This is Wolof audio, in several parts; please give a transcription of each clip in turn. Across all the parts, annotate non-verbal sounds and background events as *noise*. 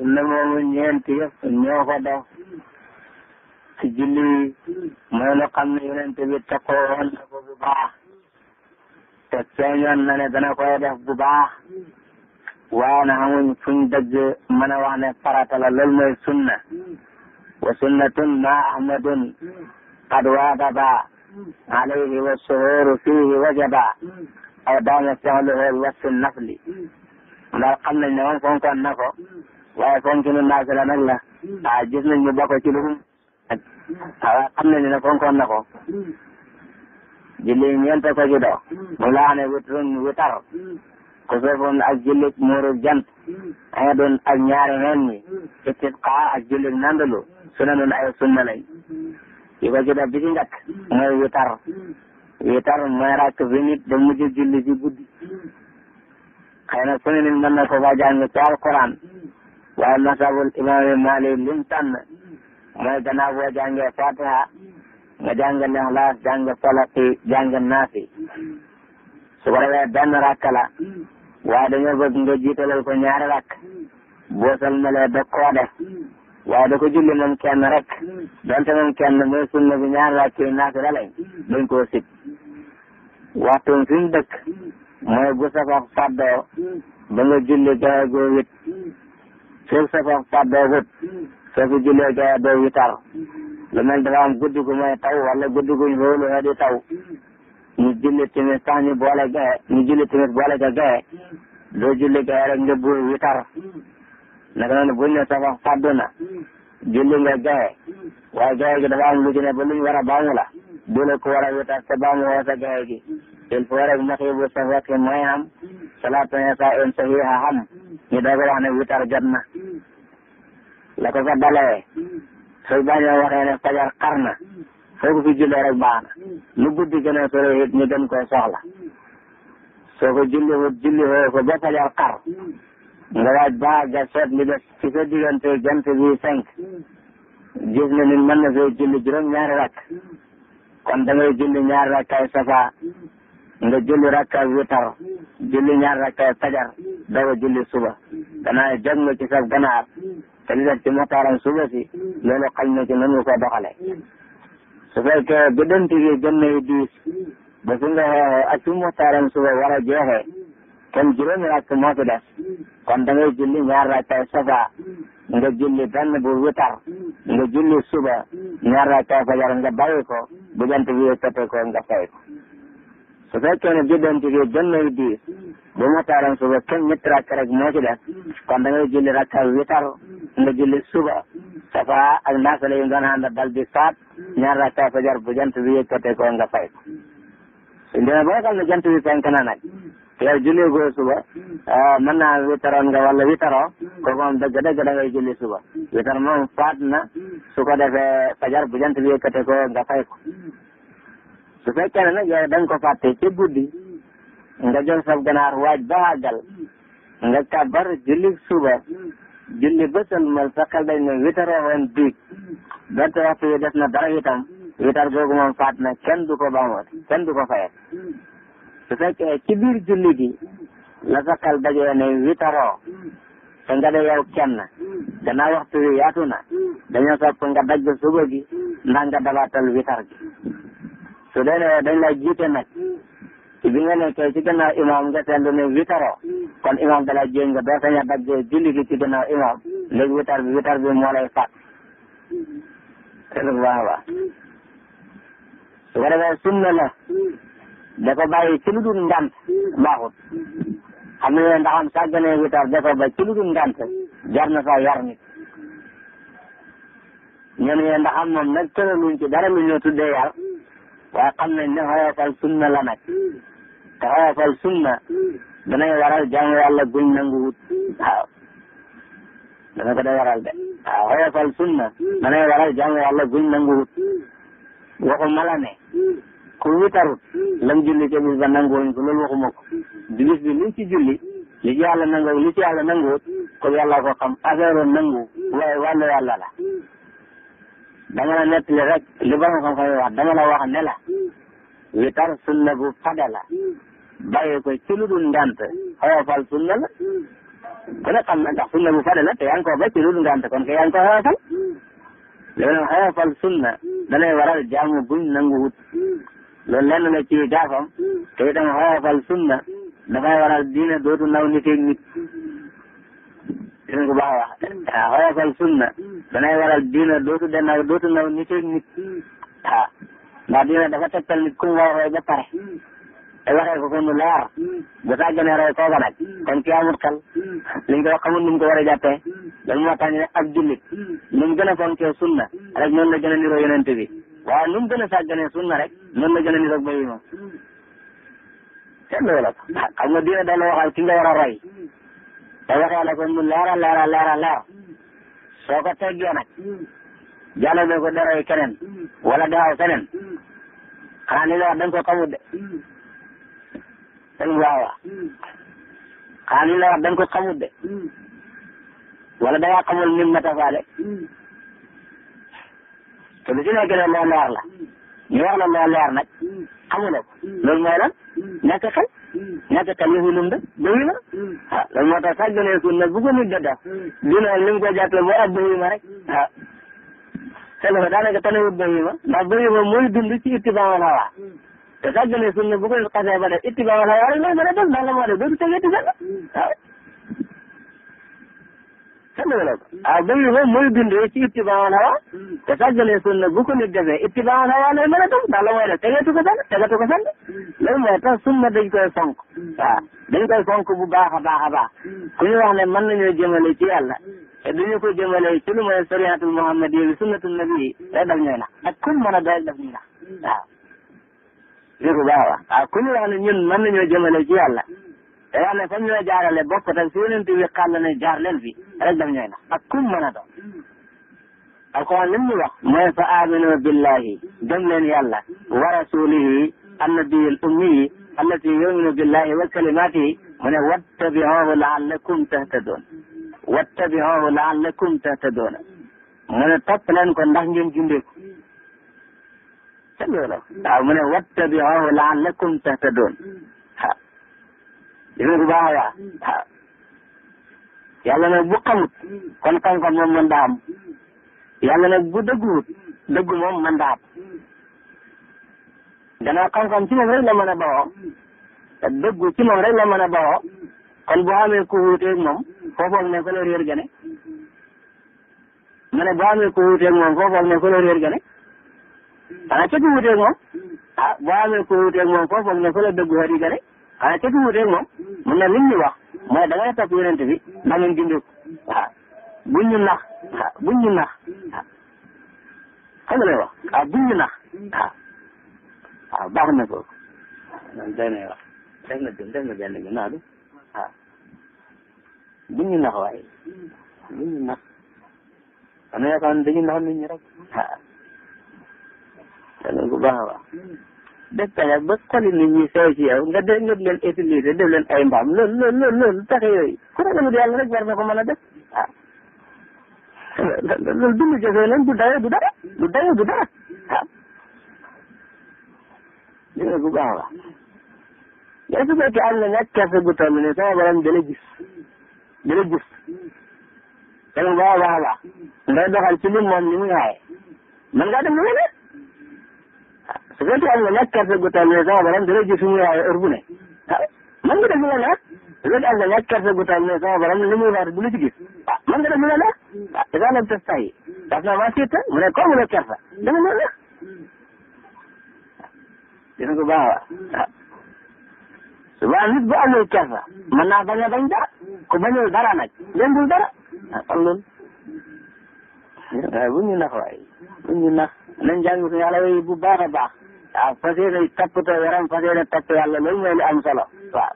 sunna moomu ñeenti yëpp ñoo ko def ci julli mooy lu xam ne yonent bi takkoo na ko bu baax te feeñoon na ne dana koy def bu baax waaye na amuñ fuñ dëgg mën a wax ne farata la loolu mooy sunna wa sunnatun ma ahmadun qad waajaba alayhi wa suhuru fihi wajaba aw daama fexluhu al wasfu nafli ndax xam nañ ne moom fonkoon na ko waaye fonkinu naasi la nag la ah gis nañ mu bokk ci lu ah ne fonkoon na ko. julli hmm. ñeent ko ci do hmm. mu laa ne witrun witar ku soofoon ak jullit muuru jant anga doon ak ñaari neen ñi istisqa ak jullit nandalu suna nun ay ko ci do bi ci njëkk mooy witar witar mooy rakk bi nit da mujj julli ci ne nit na ko ba jàng ci alquran waaye masabul imaam Maalik lim tànn mooy gannaaw boo Fatiha nga jàng Ixlaas jàng Falaqi jàng Naasi su ko defee benn la waaye dañoo bëgg nga jiitalal ko ñaari rakk boo salmalee da koo def waaye da ko julli moom kenn rek donte moom kenn mooy sunna bi ñaari rakk yi naasi la lañ dañ koo sib waxtu fi mu dëkk mooy bu ba nga julli gawe goo wit suuf sa ko fàddoogut soo fi jullee gaye doo witar lu mel dafa am guddi gu may taw wala guddi guñ loolu nga di taw ñu julli tamit sax ñu boole gaye ñu julli tamit boole gaye doo julli gaye rek nga buy witar naka noonu buñ ne sa wax fàddu na julli nga gaye waaye gaye gi dafa am lu ci ne ba luñ war a la dole ko a witar te baamu woo sa gaye gi il faut rek maxibu sa fekk mooy am salaatu ne sa un sahiha xam ñu doog a wax ne witar jot na la ko ko dalee soo bañoo na soo ko fi jullee rek baax na lu guddi gën a sore it ñu gën koo soxla soo ko julli wut julli woo ko ba fajar xar nga waaj baa ga seet li des ci sa diggante jant bi cinq gis na nit mën na fee julli juróom ñaari rakk kon da ngay julli ñaari rakkay safa nga julli rakkay witar julli ñaari rakkay fajar dawa julli suba gannaaw jog nga ci sa te li des ci moxtaaram suba si loolu xaj ci nanu ko doxale su fekkee gëddanti gi gën nay diis ba su ak ci moxtaaram suba war a jeexee kon juróomi rakk moo fi kon da julli ñaar rakkay safa nga julli benn bu witar nga julli suba ñaar rakkay fajar nga bàyyi ko bu jant bi yëkkate ko nga fay su fekkee ne julleen ci biir gannaaw biir bu mataaroon suba kenn ñetti rakk rek moo ci def kon da ngay rakka witar nga julli suba safa ak naafila yi nga naan dal di faat ñaar rakka fajar bu jant bi yëkkatee ko nga fay ko. suñ demee ba nga xam ne jant bi fenk na nag yow julli goo suba ah, mën naa witaroon nga wala witaroo kooku moom dëgg dëgg da suba witar moom faat na su ko defee fajar bu jant bi yëkkatee ko nga fay su fekkee ne nag yow koo nga ko fàtte ci guddi nga jël sa ganaar waaj ba àggal nga kàbbar julli suba julli ba sëlmal sa xel dañ ne witaroo woon biig donte waxtu yi na dara itam witar googu moom faat na kenn du ko baamoot kenn du ko fayet su fekkee ci biir julli gi la sa xel dajee ne witaroo te nga de yow kenn gannaaw waxtu wi yaatu na dañoo sopp nga dagg suba gi ndax nga dabaatal witar gi su dee ne dañ la jiite nag hmm. ci bi nga nekkee ci gannaaw imaam nga seetlu ne witaroo hmm. kon imaam dala jéem nga doo sañ a daggee julli gi ci gannaaw imaam hmm. léegi witar bi witar bi moo lay fàtt te lu baax a baax su ko defee sunna la da ko bàyyi ci lu dul ngant baaxut xam ne ndax am sàgganee witar da ko ba ci lu dul ngant jar na fa yar nit ñenn ñi ndax am moom nag tëraluñ ci dara lu ñu tuddee yar waaye xam nañ ne xoyofal sunna la nag te xoyofal sunna danay waral jaamu yàlla guñ nanguwut waaw dana ko day waral de waaw xoyofal sunna danay waral jaamu yàlla guñ nanguwut waxuma la ne ku witarut lam julli ca bis ba nanguwuñ ko loolu waxuma ko di bis bi liñ ci julli li ci yàlla nangu yàlla ko yàlla ko xam affaire nangu waaye wàllu yàlla la dama la nettali rek li borom xam-xam yi wax dama la wax ne la witar sunna bu fade la bàyyi ko ci lu dul ngant xoyofal sunna la ku ne xam na ndax sunna bu fade la te yaa ngi ko ba ci lu kon kay yaa ngi ko xoyofal loolu nag xoyofal sunna danay waral jaamu buñ nangu wut loolu lenn la ci gaafam te itam xoyofal sunna dafay waral diine dootu naw nit dinañ ko baax wax ah, waaw xoolal sunna danay waral diina dootu dana nit ak nit waaw ah, ndax diina nit ku a roy ba pare te waxee ko ko mu leer bu sàgganee roy kooka nag kon ki amut xel liñ ko wax xamul nu mu ko war a jàppee loolu moo tax ñu ne ab jullit nu mu gën a fonkee sunna rek noonu la bi waaye nu mu gën a sàgganee na rek noonu la gën a niroo ba yi moom seetlu la ko ah, xam nga diina da la waxal roy te waxee la ko mu soo ko teggee nag jàllale ko dara keneen wala daaw keneen xanaa li nga wax da nga ko xamut de sëñ waawa xanaa li nga wax ko xamut de wala da ngaa ni mu matafaale te lu ci nekk de loo leer la la loo leer nag xamuloo ko loolu mooy lan ñàkk xel ñàkk tànn lu mu def dëgg la ah loolu moo tax sàgganee sunna bu ko mujj a def hmm. dina ni ko jàppee boo ab bëyima rek waaw te loolu daanaka tanewut bëyima ndax bëyima mooy dund ci ittibaa wal hawaa hmm. te sàgganee sunna bu ko ba def ittibaa wal hawaa rek lay mën a def ndax la moo def dootu tege ci waaw a ah dëgg yi moom mooy bindoo ci ittibaan hawa hmm. te sàggalee sunna bu ko nit defee ittibaan hawa lay mën a def ndax la mooy def tegeetu ko sant tegeetu ko sant hmm. loolu mooy tax sunna dañ koy fonk hmm. waaw dañ koy fonk bu baax a baax a baax ku ñu wax ne mën nañoo jëmale ci yàlla te duñu ko jëmale ci lu mooy sariyatul muhammad yi sunnatul nabi yi day daf ñuy ak kun mën a doy daf ñuy nax waaw lii a baax waaw ku ñu wax ne ñun mën nañoo jëmale ci yàlla te wax ne fam ñoo jaarale bokk tag si yonent bi xàll ne jaar leen rek daf ñooy nax ak kum mën a doon alquran lim ñu wax mooy fa aminu billahi dem leen yàlla wa rasulihi annabiyil ummiyi allati yuminu billahi wa kalimatihi mu ne wattabi'uhu la'allakum tahtadun wattabi'uhu la'allakum tahtadun mu ne topp leen ko ndax ngeen gindeeku te loolu waaw mu ne wattabi'uhu la'allakum tahtadun ha dina ko baax waaw yàlla nag bu kon xam-xam moom mën daa am yàlla nag bu dëgguwut dëggu moom mën daa am gannaaw xam-xam ci moom rek la mën a bawoo te dëggu ci moom rek la mën a bawoo kon boo amee ku wuuteeg moom foofoog ne ko la ma ne boo amee ku wuuteeg moom foofoog ne ko la réer gane xanaa ca ku wuuteeg moom ah boo amee ku wuuteeg moom foofoog ne ko la dëggu xëri gane xanaa ca ku wuuteeg moom mun na lim ñu wax mooy da ngay topp yonent bi da ngeen gindeeku waaw buñ ñu nax waaw buñ ñu nax waaw xam nga lay wax waaw buñ ñu nax waaw waaw na ko man day na wax def na def na benn bi naadu waaw buñ ñu nax waaye buñ ñu nax am na yaakaar ne dañu nax nit ñi rek waaw danañ def pexe ba xoli nit ñi sew ci yow nga def nga leen utiliser def leen ay mbaam loolu loolu loolu loolu pexe yooyu ku ragalul yàlla rek war na ko mën a def ah. *laughs* loolu dundu jëfee leen du dayoo du dara du dayoo du dara ah. dina bu baax a baax su fekkee am na ñàkk kersa gu toll nii sama borom dana gis dana gis dana baax a baax a baax. ngay doxal ci li moom ni muy xaaye man ngaa dem lu su fekkee am nga nag kerte gu toll nii sama borom dina ji suñu waaye heure bu ah, man nga def lu la neex su fekkee am nga nag kerte gu toll nii sama borom li muy waat du la ci gis ah man nga def lu la neex ah dafa nekk test yi daf na maa siita mu ne ko mu ne kerte dama lu ko baax ah waaw nit bu amul kerte mën naa bañ a bañ dara ku bañul dara nag jëndul dara ah xam loolu waaye bu ñu nax waaye bu ñu baax baax waaw fas yéene toppatoo yaram fas yéene topp yàlla loolu mooy li am solo waaw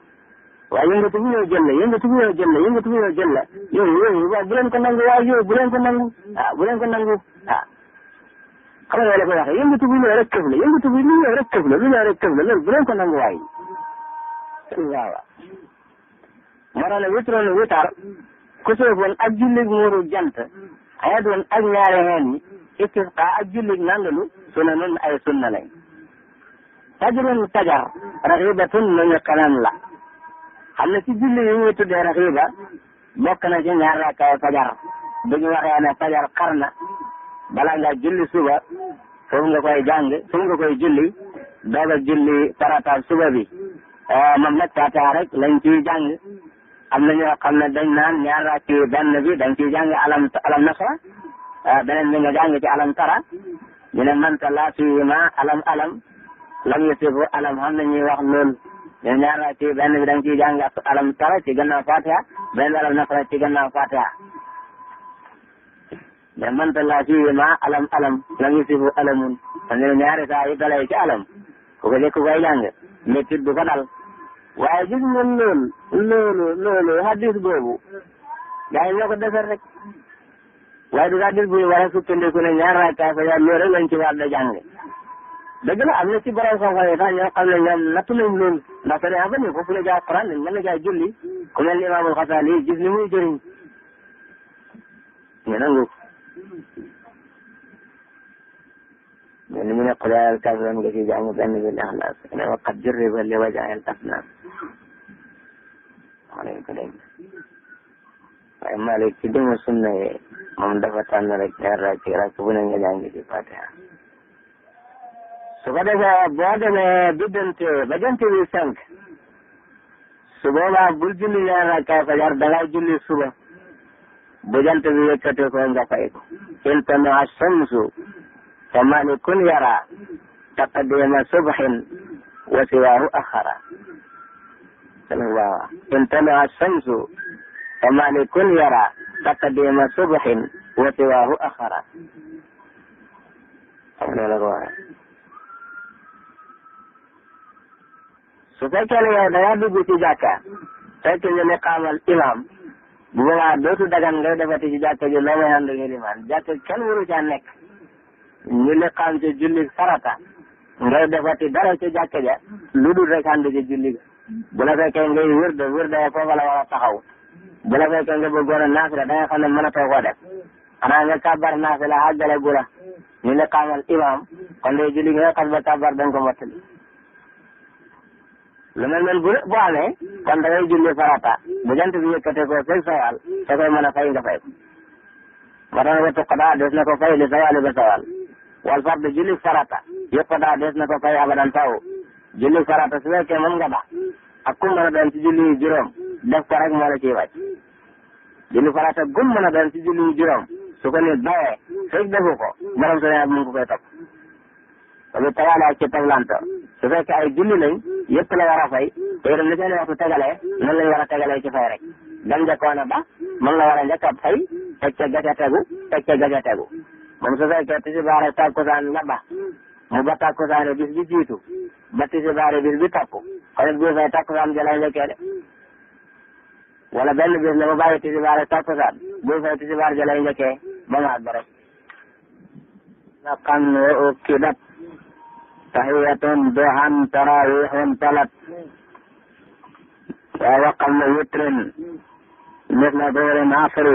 waaye yëngatu bu ñëw jël la yëngatu bu ñëw jël la yëngatu bu ñëw jël la yooyu yooyu waaw bu leen ko nangu xam nga la koy waxee yëngatu bu ñëw rek këf la yëngatu bu rek këf la rek këf loolu bu ko nangu waay waaw moo tax ne witron witar ku sooboon ak jullit muuru jant xeet woon ak ñaari xeen yi istisqa ak jullit nangalu sunna noonu ay sunna lañ fajrun fajar raxibatun lu ñu la xam ne ci julli yi ñuy tuddee raxiba bokk na ci ñaar rakkay fajar bu ñu waxee ne fajar xar na bala nga julli suba foofu koy jàng foofu nga koy julli doog a julli farataal suba bi eh, moom nag fatiha rek lañ ciy jàng na xam ne dañ naan ñaar rakk yi benn bi dañ ciy jàng alam alam nasra eh, beneen bi nga jàng ci alam tara ñu ne man talaati ma alam alam lam yasifu alam xam nañuy wax noonu ñoom ñaar la ci benn bi da nga ciy jàng alam tara ci gannaaw fatiha benn bi alam ci gannaaw fatiha mais mënta laa ci ma alam alam lam yasifu alamun xam ne ñaari saa yu dalay ci alam ku ko jëkk koy jàng métti du ko dal waaye gis nga loolu loolu loolu hadis boobu gaa yi ko defar rek waaye du hadis bu ñu war a sukkandiku ne ñaar rakaa fa yaa loolu rek lañ ci war dëgg la na ci borom xam-xam yi sax ñoo xam ne ñoom nattu nañ loolu ndax te dañoo xam ne foofu la jaay Quran mën na jaay julli ku mel ni Imaamul Xasaali gis ni muy nangu mel ni mu ne xulaayal kaafiruun nga ci jàng benn bi Ixlaas ne wa qad jurriba li wajaayal asnaam xale ko dégg waaye Malik ci demu sunna yi moom nga jàng ci Fatiha su ko defee boo demee diggante ba jant bi fenk su da ngay julli suba bu jant bi yëkkati ko nga fay ko in tama shamsu kama ni yara taqdima subhin wa siwahu akhara waaw in tama yara taqdima subhin wa siwahu akhara xam ne la su fekkee ne yow da ngaa dugg ci jàkka fekk ñu ne xaamal imaam bu boobaa dootu dagan ngay defati ci jàkka ji loo may ànd nga limaan jàkka kenn waru caa nekk ñu ne xaam ca julli farata ngay defati dara ca jàkka ja lu dul rek ànd ca julli bu la fekkee ngay wërda wërda foofa la war a taxaw bu la fekkee nga bëggoon a naafila da nga xam ne mënatoo koo def xanaa nga kàbbar naafila àggale gu la ñu ne xaamal imaam kon de julli nga xas ba kàbbar da nga ko mottali lu mel noonu bu bu amee kon julli farata bu jant bi yëkkatee ko fekk sawal te koy mën a fay nga fay ko ba tax wetu xadaa des na ko fay li sawal ba sawal wal fardu julli farata yëpp xadaa des na ko fay abadan taw julli farata su fekkee nga baax ak ku mën a doon ci julli juróom def ko rek moo la ciy wàcc julli farata gum mën a doon ci julli juróom su ko nit bawee fekk defu ko borom sa ne mu ko koy topp parce que ci tawlanto su fekkee ay julli lañ yëpp la war a fay te itam li seen waxtu tegalee noonu lañ war a tegalee ci fay rek dam njëkkoon a ba moom la war a njëkk a fay teg ca gese tegu te ca gese tegu moom su fekkee tisbaar ak takkusaan nga ba mu ba takkusaan bis bi jiitu ba tisbaar bis bi topp kon it bu fay takkusaan ja lay njëkkee de wala benn bis la mu bàyyi tisbaar ak takkusaan bu fay tisbaar ja lay njëkkee ba maat ba rek. naqan wa tahiyatun duhan tarawihun talat وقبل وتر مثل دور العصر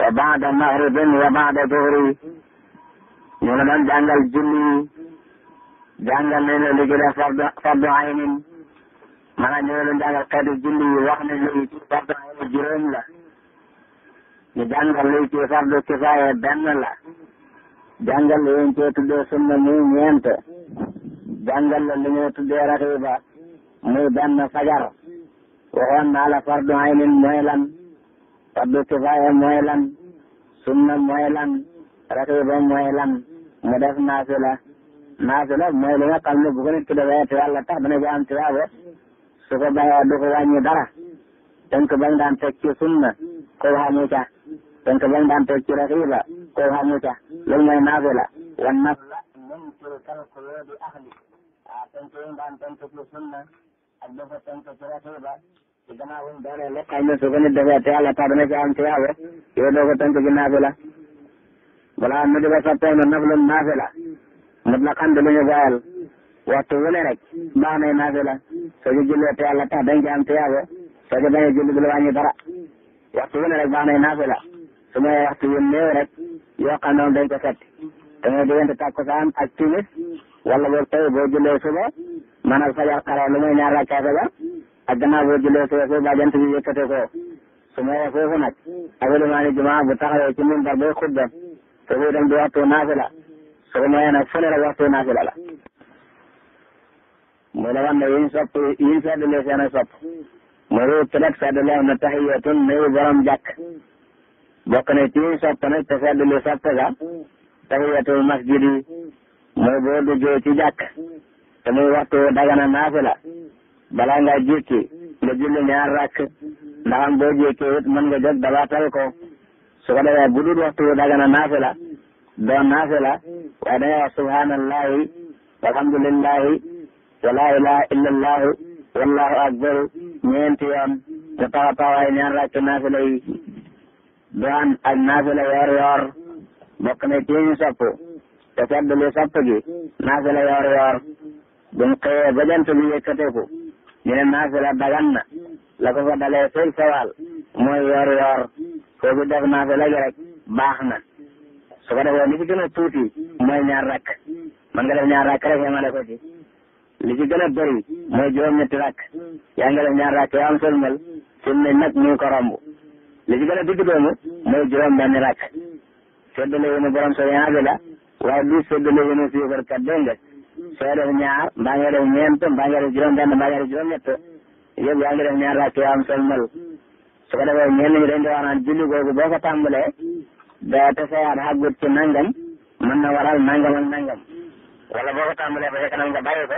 وبعد مغرب وبعد ظهر ñu la doon jàngal julli jàngal nañ la liggéey la fardu fardu aynin maanaam ñu la doon jàngal xeetu julli yi wax nañ la ci fardu aynin juróom la ñu jàngal luy ci fardu kifaaya benn la jàngal la yéen cee tuddee sunna muy ñeent jàngal la li ñuy tuddee raxiba muy benn fajar waxoon naa la fardu aynin mooy lan fardu kifaaya mooy lan sunna mooy lan raxiba mu def naafila naafila mooy li nga xam ne bu ko nit te yàlla tax dana ci am tiyaaba su ko bàyyee du dara dañ ko bañ daan teg ci sunna ko waa ca donc dañ daan toog ra raxiba koo xamu ca loolu mooy naafila wan naf ah tënk yi daan tënk ci sunna ak dafa tënk ci raxiba ci gannaaw wuñ doole lépp xam ne su ko nit defee te yàlla tax dana ci am ci yaabe naa doo ko tënk ci naafila balaa mu di ba soppeeku naflu naafila mutlaqan di lu ñu bayal waxtu wële rek baax nay naafila soo ci jullee te yàlla tax dañ ci am ci yaabe soo ci bañ a julli du la rek baax nay naafila su ma waxtu yu néew rek yoo xam ne dañ ko setti te mooy diggante takkusaan ak timis wala boog tey boo jullee suba maanaam fajar xare lu muy ñaar rakka fajar ak gannaaw boo jullee suba foofu ba jant bi yëkkate ko su ma waxee foofu nag abilimaani jumaa bu taxawee ci mimbar bay xutba foofu itam di waxtu naafila su ko mayee nag fële la waxtu naafila la muy la ne yiñ sopp yiñ seddalee seen sopp muy peut-être seddalee na taxiyatun nuyu borom jàkk bokk na ci sopp nag te sedd li sopp ga tahiyatul masjid yi mooy boo duggee ci waxtu dagana naafila balaa nga jékki nga julli ñaar rakk ndax am boo jékkee it mën nga jóg dabaatal ko su ko defee bu dul waxtu dagana naafila doon naafila waaye da subhanallahi walhamdulillahi wa laa ilaha illa allahu wallahu akbar ñeenti yoon nga taxaw taxawaay ñaar rakk naafila yi doon ak naafila yor-yor bokk na ci ñu sopp te feddalu sopp gi naafila yor-yor buñ xëyee ba jant bi yëkkateeku ñu ne naafila dagan na la ko fa dalee sël sawal mooy yor-yor kooku def naafila gi rek baax na su ko defee li ci gën a tuuti mooy ñaar rakk man nga def ñaar rakk rek yemale ko ci li ci a bëri mooy juróom-ñetti rakk yaa ngi def ñaar rakk yoo am sëlmal fi mu ne ko romb li ci gën a digg doomu mooy juróom benn rakk séddale wu ñu borom sa ñaari la waaye du séddale wu ñu fii war kat dégg nga soo def ñaar mbaa nga def ñeent mbaa nga def juróom benn mbaa ko defee ñenn ñi da te sayaat xàggut nangam mën na waral nangam ak nangam wala boo ko tàmbalee ba ca ko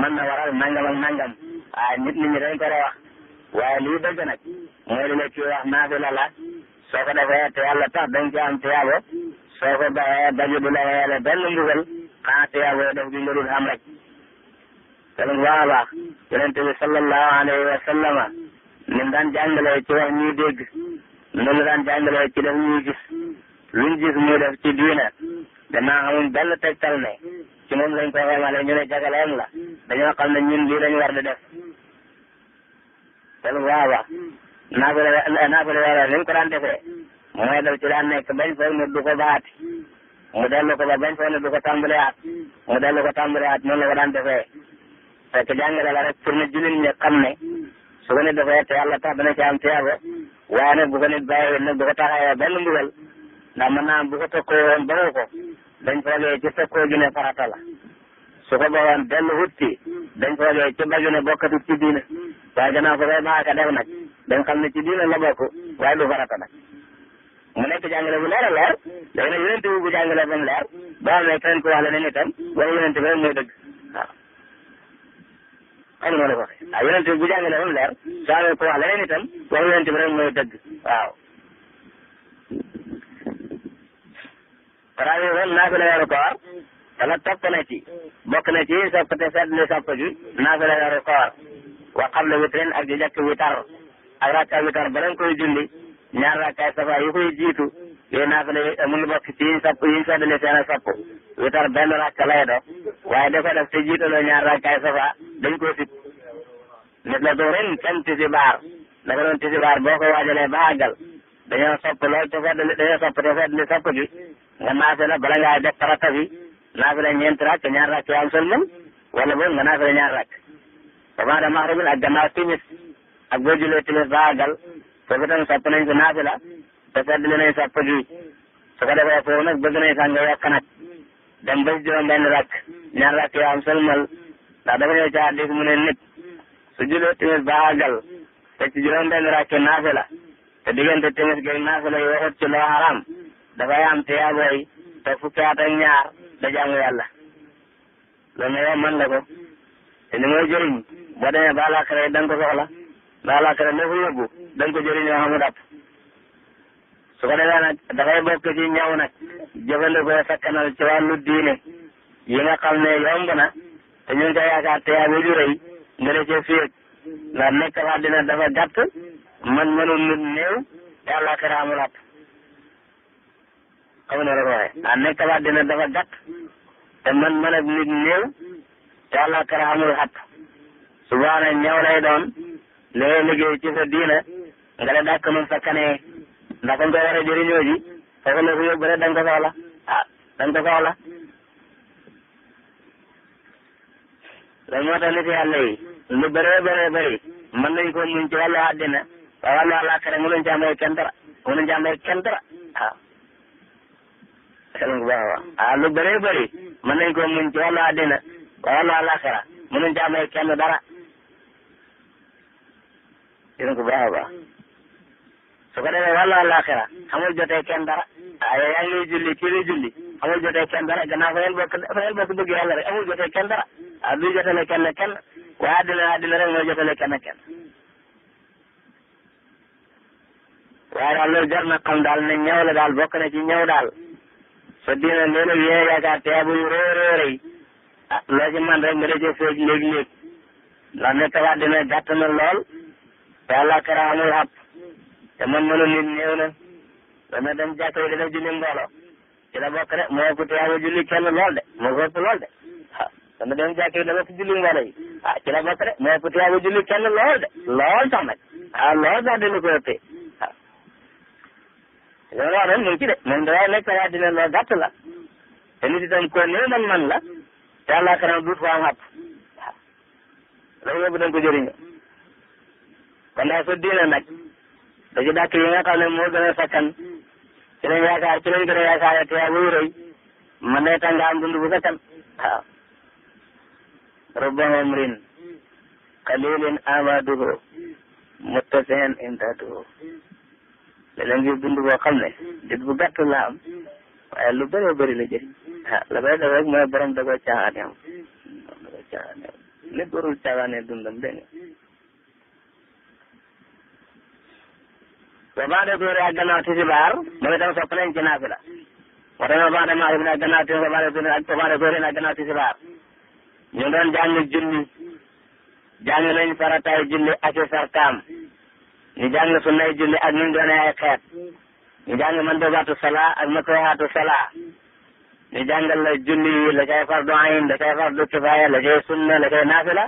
mën na waral nangam ak nangam waaye nit ñi dañ ko wax waaye lii dëgg nag mooy li la ci wax naa fi la laaj soo ko defee te yàlla tax dañ ci am tiyaabo soo ko baaxee daje du la yàlla benn mbugal xanaa tiyaabo daf di nga dul am rek. te lu baax a baax yonent bi sallallahu alayhi wa sallama ni mu daan jàngalee ci wax ñuy dégg noonu la daan jàngalee ci def ñuy gis luñ gis muy def ci diina danaa xamul benn tegtal ne ci moom lañ te lu baax a baax naafila weeru ni mu ko daan defee mooy hmm. dal ci daan nekk bañ foog ne du ko baati hmm. mu dellu ko ba bañ foog ne du ko tàmbaliwaat hmm. mu dellu ko tàmbaliwaat noonu la ko daan defee fekk jàngale la rek pour ne jullit ñi xam ne su ko nit defee te yàlla tax dana ci am tiyaaba waaye nag bu ko nit bàyyi nag bu ko taxawee benn mbugal ndax mën naa bu ko tokkoo woon ba ko dañ foogee ci tokkoo gi ne farata la su ko boowoon dellu wutti dañ foogee ci baju ne bokkatu ci diine waaye gannaaw ko bay maa ka def nag dañ xam ne ci diina la bokk waaye du farata nag mu nekk jàngale bu leer a leer léegi nag yonente bi bu jàngale ba mu leer ba amee keneen ku wax la ne ni tam wala yonente bi rek mooy dëgg waaw xam nga la ko waxee waaw bu jàngale mu leer dëgg waaw rajo yi moom naa fi la weeru koor wala topp na ci bokk na ci soppate seetlu sopp ji naa fi la weeru koor wa qabla witrin ak di njëkk witar ak rakka witar ba lañ koy julli ñaar rakkaay safa yu koy jiitu yooyu naafila yi amul bokk ci yiñ sapp yiñ soddale seen a sapp witar benn rakka lay dox waaye da ko def te jiitaloo ñaar rakkaay safa dañ koo sib nit la doorin kenn tisibaar da nga doon tisibaar boo ko waajalee ba àggal dañoo sopp lool te soddale dañoo sopp te soddale sapp gi nga naafila bala ngaa def farata bi naafila ñeenti rakk ñaar rakk yaa am sëlmal wala wa baada maxribin ak gannaaw timis ak boo julee timis ba àggal foofu itam sopp nañ ko naafila te seddli nañ sopp gi su ko defee foofu nag bëgg nañ sax nga yokk nag dem ba juróom benn rakk ñaar rakk yoo am sëlmal ndax dafa ñëw ci hadis mu ne nit su julee timis ba àggal te ci juróom benn rakk naafila te diggante timis gi naafila yi waxut ci loo haram dafay am tiyaabooy te fukki at ñaar da jaamu yàlla loolu nag yow mën nga ko te li mooy jëriñ boo demee ba àllaaxira da nga ko ba àllaaxira loo ko yóbbu da nga ko jëriñoo xamu dàpp su ko defee nag dafay bokk ci ñaw nag jëfandikoo sakkanal ci wàllu diine yi nga xam ne yomb na te ñu ngi koy yaakaar te yaa ngi ju rëy nga ne cee dina dafa gàtt man mënul nit néew te àllaaxira amul àpp ne la ko waxee ndax nekk dina dafa gàtt te man mën ak nit te àllaaxira amul xat subaana doon li ngay liggéey ci sa diina nga ne dàkk moom sa ji foofu la ko yóbbu rek da nga ko soxla ah da nga ko soxla loolu moo tax nit yàlla yi lu bëree bëree bëri mën nañ ko muñ ci wàllu àddina waaye wàllu àllaaxira mënuñ ci ah. a baax ah lu bëree bëri mën nañ ko muñ ci dara na alaxira mënuñ caa may kenn dara dina ko baax a baax su ko defee wàllu alaxira xamul jotee kenn dara ah yow yaa ngi julli kii lay julli xamul jotee kenn dara gannaaw fa ngeen bokk fa ngeen bokk bëgg yàlla rek amul jotee kenn dara ah du jotale kenn kenn waaye àddina àddina rek mooy jotale kenn kenn. waaye daal loolu jar na xam daal ne ñëw la daal bokk na ci ñëw daal so dina loolu yee yaakaar te bu réeréer yi loo ci man rek nga dajee feeg léeg-léeg ndax ne tawaat lool te àllaaxira amul xàpp te man mënu nit néew na dana dem jàkka yi dina julli mbooloo ci la moo ko tuyaaba julli kenn lool de moo ko lool de ah dana dem jàkka yi dana ko julli mbooloo yi ah ci la bokk rek moo ko tuyaaba julli kenn lool de lool sax nag ah lool sax dina ko ëppee ah. loolu moom da nekk tawaat dina lool gàtt la te nit itam ko néew man la. te àllaaxira duut fa am xàpp loolu ko jëriñoo kon daal sa diine nag nga xam ne moo gën a sakkan ci lañ yaakaar ci lañ gën a yaakaar te yaa wuyu rëy mën na tànga am dund bu sakkan waaw rubba umrin qalilin amaduhu muttasihin imdaduhu xam ne dit bu gàtt la am waaye ah la koy def rek mooy borom da koy caaxaanee am dundam dégg nga. ba de góor ak gannaaw tisbaar mooy itam sopp nañ ci naafila moo tax ba de maa ibna gannaaw tisbaar ba de ba de góor ak gannaaw tisbaar julli jàng nañ farataay julli ak i sartaam ñu jàng sunnay julli ak ñu doon ay xeet ñu jàng mandubaatu salaa ak makruhaatu salaa ñu jàngal la julli la cay fardu ayn la cay fardu kifaaya la cay sunna la cay naafila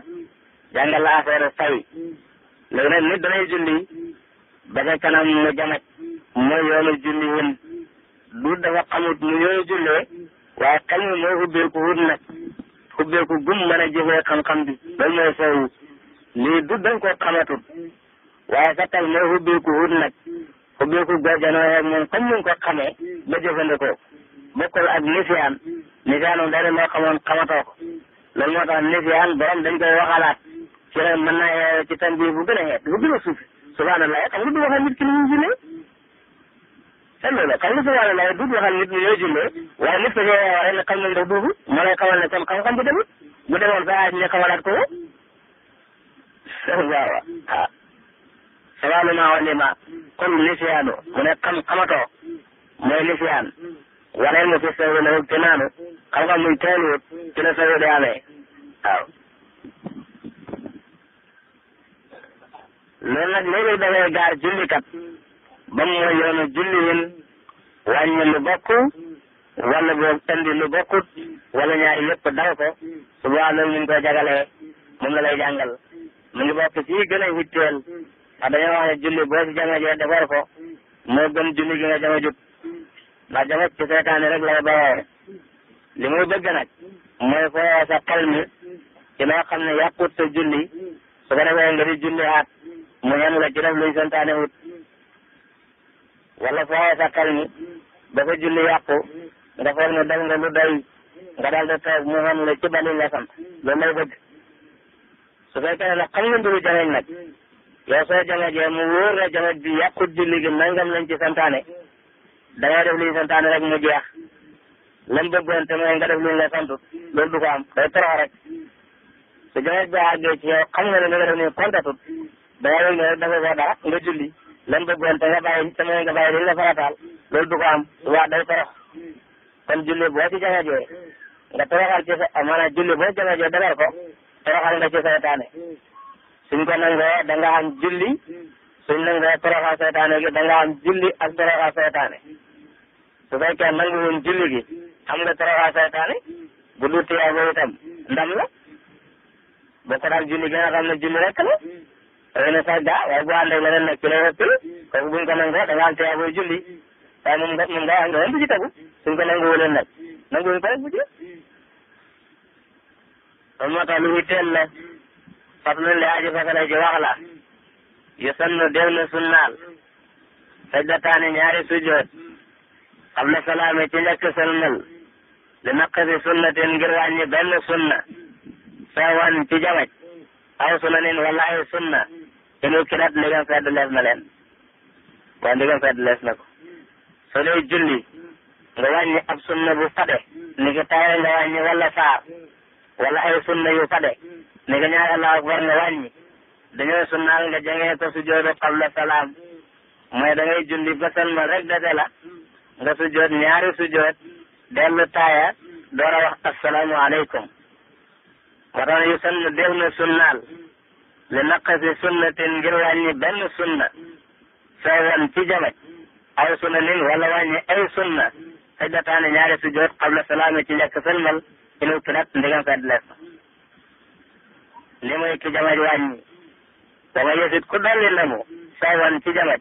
jàngal la affaire fay léegi nag nit danay julli ba ca kanam mu jamaj mooy yoonu julli wun du dafa xamut mu yooyu jullee waaye xel mooy xubbeeku wut nag xubbeeku gum mën a jëfee xam-xam bi loolu mooy fawu lii du dañ koo xamatut waaye sa xel mooy xubbeeku wut nag xubbeeku goojanoo yeeg moom comme ni nga ko xamee ba jëfandikoo bokkul ak nisiyaan nisiyaan dara loo xamoon xamatoo ko loolu moo tax nisiyaan borom dañ koy waxalaat ci la mën naa eh, ci tan bi bu gën a xeet bu gën subhanallah xam nga du waxal nit ki ni ñuy jullee seen loolu xam nga nit ñi ñooy jullee waaye nit ko ñoo waxee ne xam nañ daf duubu moo lay xamal ne kon xam-xam bi demut bu demoon ba aaj ne xamalaat ko waaw waaw sabaanu maa wa ni ma kon nisiyaanu mu ne xam xamatoo mooy waneen ma ci sawee la te naanu xam-xam muy teel wut ci la sawee day amee waaw loolu nag léeg-léeg dafay gaar jullikat ba mu mooy yoonu julliwin wàññi lu bokk wala boog indi lu wala ñaar yëpp daw ko su boobaa loolu ñu ngi koy jagalee moom la lay jàngal mu ngi bokk ci gën a wutteel ndax dañoo wax ne julli ko moo gën julli gi nga ba jamono ci seetaane rek lay bawoo li muy bëgg nag mooy fooyoo sa xel mi loo xam ne yàqut sa julli su ko defee nga di julliwaat mu yem nga ci def luy santaane wut wala fooyoo sa xel ba sa julli yàqu nga foog ne def nga lu doy nga daal di toog mu yem nga ci bali la sant loolu lay bëgg su fekkee ne nag xam nga mbiru jamono nag yow soo jamono jee mu wóor la jamono bi yàqut julli gi nangam lañ ci santaane. da ngay def li ñu santaane rek mu jeex lan bëggoon te mooy nga def li ñu sant loolu du ko am day torox rek su jafe ba àggee xam nga ne li nga def nii kontatut da ngay dafa ko nga julli lan bëggoon te nga bàyyi te mooy nga bàyyi li ñu la farataal loolu du ko am waa day torox kon julli boo ci jafe nga toroxal ci sa maanaam julli boo jafe jooy dabar ko toroxal nga ci saytaane suñ ko nangoo da nga am julli suñ nangoo toroxal saytaane gi da nga am julli ak toroxal saytaane su fekkee nangu woon julli gi am nga tarawa saytaane bu dul tiyaabo itam ndam la boo ko daan julli gi nga xam ne julli rek la xëy na sax daa waaye bu ànd ak leneen nag ci la ëpp kooku buñ ko nangoo da nga am tiyaabo julli waaye moom nga moom nga am leneen bu ci tegu suñ ko nangu woon nag nangu wuñ ko rek bu ci kon moo tax lu muy teel la fàttali ne aji fasala ji wax qabla salaami ci njëkk sëlmal li naqasi sunnatin ngir wàññi benn sunna sawan ci jawaj aw sunanin wala ay sunna in ukkidat ndigam fedd lees na leen waa ndigam fedd lees na ko soo dee julli nga wàññi ab bu fade ni ki taaya nga wàññi wala saar wala ay sunna yu fade ni ki ñaar allahu akbar nga wàññi dañoo sunnaal nga jangee ko sujjóodu qabla salaam mooy da ngay julli ba sëlmal rek dese la nga sujjoot ñaari sujjoot dellu taaya door a wax assalaamu aleykum moo tax yu sann def na sunnaal li naqasi sunnatin ngir wàññi benn sunna saywan ci jamaj aw sunanin wala wàññi ay sunna xëj na taane ñaari sujjoot qabla salaami ci njëkk sëlmal inu kinat ndigam fedd lees li muy ci jamaj wàññi dama ku dolli na mu saywan ci jamaj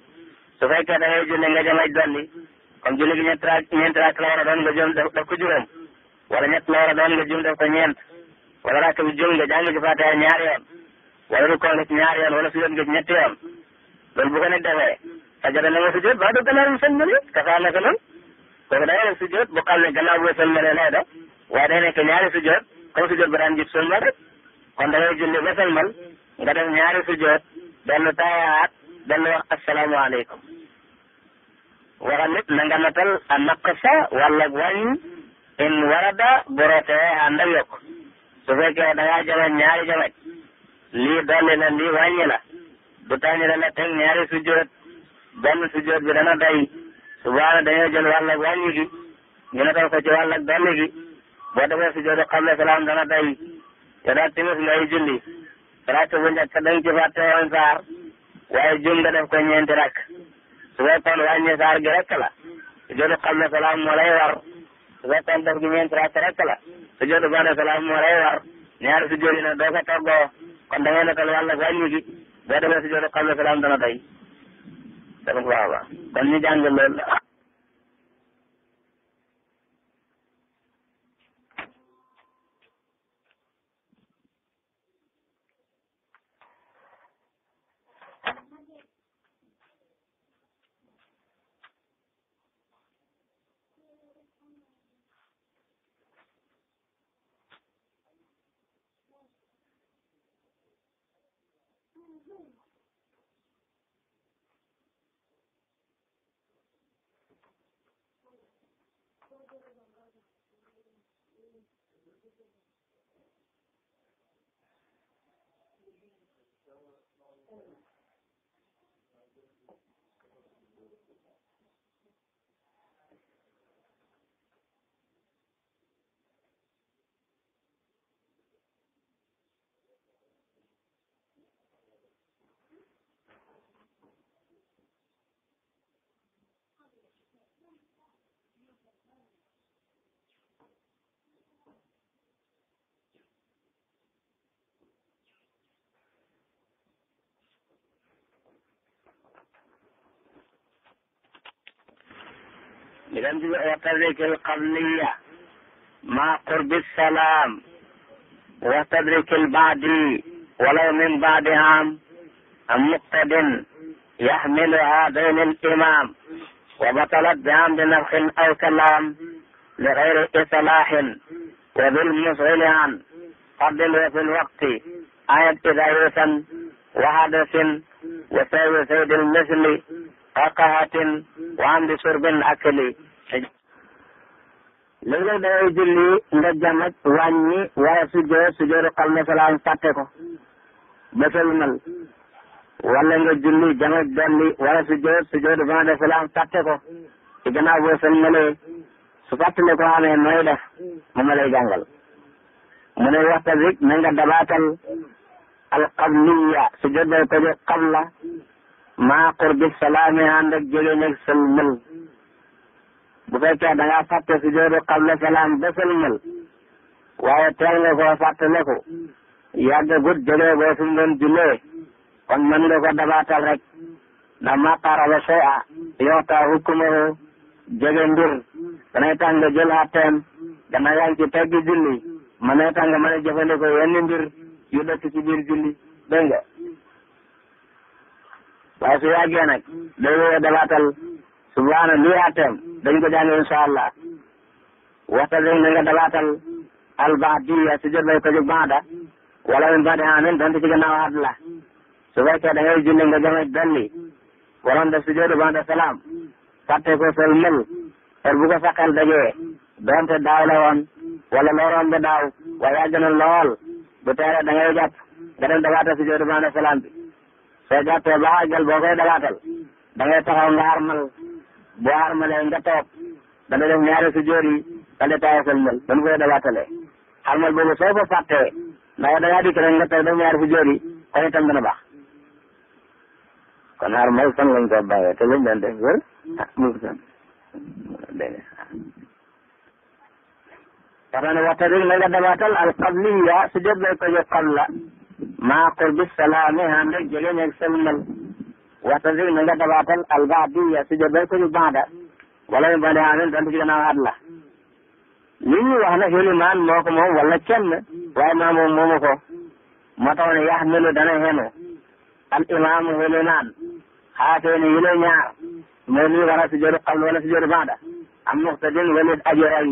su fekkee da ngay nga jamaj dolli kon julli gi ñeenti raak ñeenti raak la war a doon nga jëm def ko juróom wala ñett la a doon nga jëm def ko ñeent wala raak bi jëm nga jàng ci Faatiha ñaari yoon wala rukkoo nga ci ñaari yoon wala sujjóot nga ci ñetti yoon loolu bu sa nit defee sajada na nga sujjóot ba du gannaaw mu sëlmali kasaa naka noonu kooku da ngay def sujjóot bu xam ne gannaaw boo sëlmalee lay def waaye day nekk ñaari sujjóot comme sujjóot ba daan jib sëlmal rek kon da ngay julli ba sëlmal nga def ñaari sujjóot waxalit na nga natal a naqasa wala wàññi in warada borotee ànd ak yokk su fekkee da ngaa jamaj ñaari jamaj lii dolli la lii wàññi la du tàññi dana teg ñaari sujjoot benn sujjoot day su baana dañoo jël wàllug wàññi gi ñu natal ko ci wàllug dolli gi boo defee sujjootu xamle salaam dana day te daal timis ngay julli rakk bu njëkk dañ ci fàtte woon saar waaye jum nga ko ñeenti rakk su fekkoon wàññi saar gi rek la sujoodu qabla salaam moo lay war su fekkoon def gi ñeenti rakk rek la sujoodu ba'da salaam moo lay war ñaari sujood yi nag doo ko toggoo kon da ngay nekkal yàlla wàññi gi boo defee sujoodu qabla salaam dana doy. dama ko baax a baax kon ñu jàng loolu li nga xam ne waxtadrikil qabliya maa qurbi salaam waxtadrikil baadi walaw min baadihaam am muqtadin yaxmiluhaa bayna al imaam wa batalat bihamdi nafxin aw kalaam li gayri islaahin wa bil musili an qaddil wa fi lwaqti ayat idayusan wa hadasin wa sawi saydil misli qaqahatin wa amdi surbin akli léeg-léeg da ngay julli nga jam ak wàññi waaye sujjoor sujjooru xam salaam fàtte ko ba sëlmal wala nga julli jam ak dolli waaye sujjoor sujjooru ban de salaam fàtte ko ci gannaaw boo sëlmalee su fàttale ko amee nooy def moom lay jàngal mu waxta bi na nga dabaatal alqabliya sujjoor day ko jóg qabla maa qurbi salaami ànd ak jóge nekk sëlmal bu fekkee da ngaa fàtte sujoodu qabla salaam ba sëlmal waaye teel nga koo fàttaliku yàgg gut jógee boo fi mu doon jullee kon mën nga ko dabaatal rek lamma qaraba shay'a yu'ta hukmahu jóge mbir danay tax nga jël àtteem dana yaa ngi ci tegg julli mën na tax nga mën a jëfandikoo yenn mbir yu dëkk ci biir julli dégg waaye su yàggee nag day dabaatal subhaana luy àtteem dañ ko jàng insha allah waxta dañ na nga dabaatal albaadiya su jot lay ko jóg baada wala min baadi amin donte ci gannaaw at la su fekkee da ngay julli nga jëme dolli waroon def sujoodu baada salaam fàtte ko sol mel heure bu ko saqal dajee donte daaw la woon wala looroon ba daaw waaye yàgg na lool bu teere da ngay jàpp nga dem dabaatal sujoodu baada salaam bi soo jàppee ba àggal boo koy dabaatal da ngay taxaw armal boo armalee nga toog dana def ñaari sujjóot yi dana taaya sëlmal ba nu koy dawaatale armal boobu soo ko fàttee ndax da ngaa dikk rek nga toog def ñaari sujjóot yi kon itam dana kon armal fan lañ ko bàyyee te lañ doon def wër ah mu san dégg wax na ne waxta rek na nga dabaatal al qabliya sujjóot lay ko waxtasi na nga dabaatal albaadiya sujjoot bay ko ñu baada wala ñu baada amen donte ci gannaaw at la li ñu wax nag limaan moo ko moom wala kenn waaye maa moom moomu ko moo tax ne yaxmilu dana xenu al imaamu limaan xaatee yi la ñaar mooy li war a sujjoot qabla wala sujjoot baada am muxtadin wala aji raw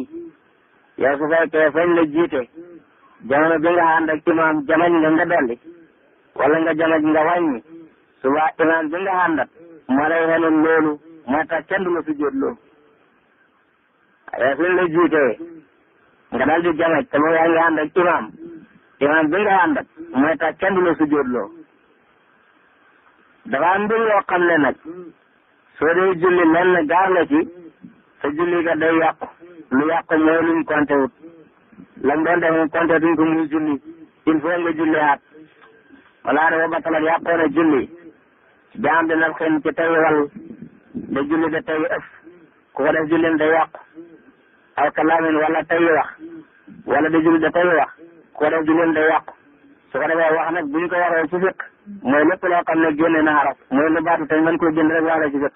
yow su fekkee fañ la jiite jamono bi nga ànd ak imaam jamañ nga nga dolli wala nga jamañ nga wàññi suba imaam bi nga àndat moo lay xelal loolu moo tax kenn la si jot loolu waaye suñ la jiitee nga daal di jamaj te yaa ngi ànd ak imaam imaam bi nga àndat mooy la si jot loolu dafa am mbir yoo xam ne nag soo dee julli lenn gaar la ci sa julli ga day yàqu lu yàqu mooy luñ la mu doon def mu compté julli il faut julli aat wala dafa batal ak yàqoon a julli bi am naf xin ci tawi wal da julli da tawi ëf ku ko def jullim day yàqu aw kalaamin wala tawi wax wala da julli da tawi wax ku ko def jullim day yàqu su ko defee wax nag bu ñu ko waxee ci fiq mooy lépp loo xam ne génne na arab mooy lu baatu te mën koo génn rek wax la ci fiq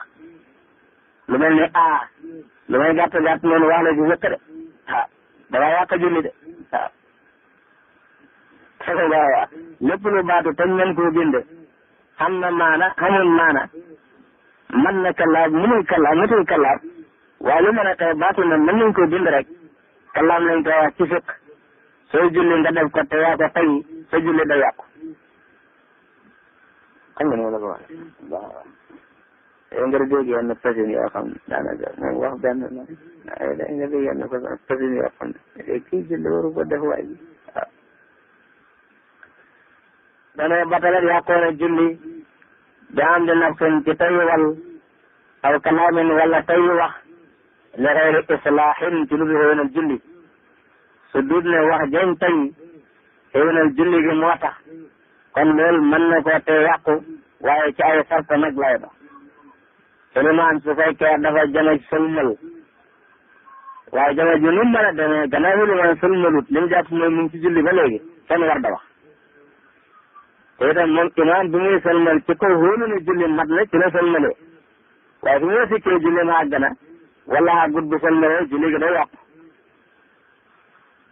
lu mel ni aa lu may gàtt gàtt noonu wax la ci fiq de waaw dafaa yàq julli de *laughs* waaw lépp lu baatu te mën am na maana xamul maana man na kalaab munul kalaab matul kalaab waaye lu mën a xew baatu na mën nañ ko bind rek kalaab lañ koy wax ci fiq soo julli nga def ko te yaa ko fay sa julli da yàqu xam nga ni ma la ko wax baax yow nga dégg yenn fasin yoo xam ne daanaka moom wax benn na nga dégg yenn fasin yoo xam ne kii julli waru ko def waay danay batalet na julli bi na di nafsin ci tayiwal aw kalaamin wala tayi wax li xeyri islaahin ci lu dul xéwénal julli su dut wax jën tayi xéwénal julli gi moo tax kon loolu mën na koo te yàqu waaye ci ay sarta na lay ba ilimaan su fekkee dafa jëme sëlmal waaye jëme ju nu mën a demee gannaaw ilimaan sëlmalut li mu jàpp mooy mu ngi ci julli ba léegi kenn war da te itam moom imaam bi muy salmal ci kaw wóolu ne julli wala àggut bu salmalee julli gi day yàq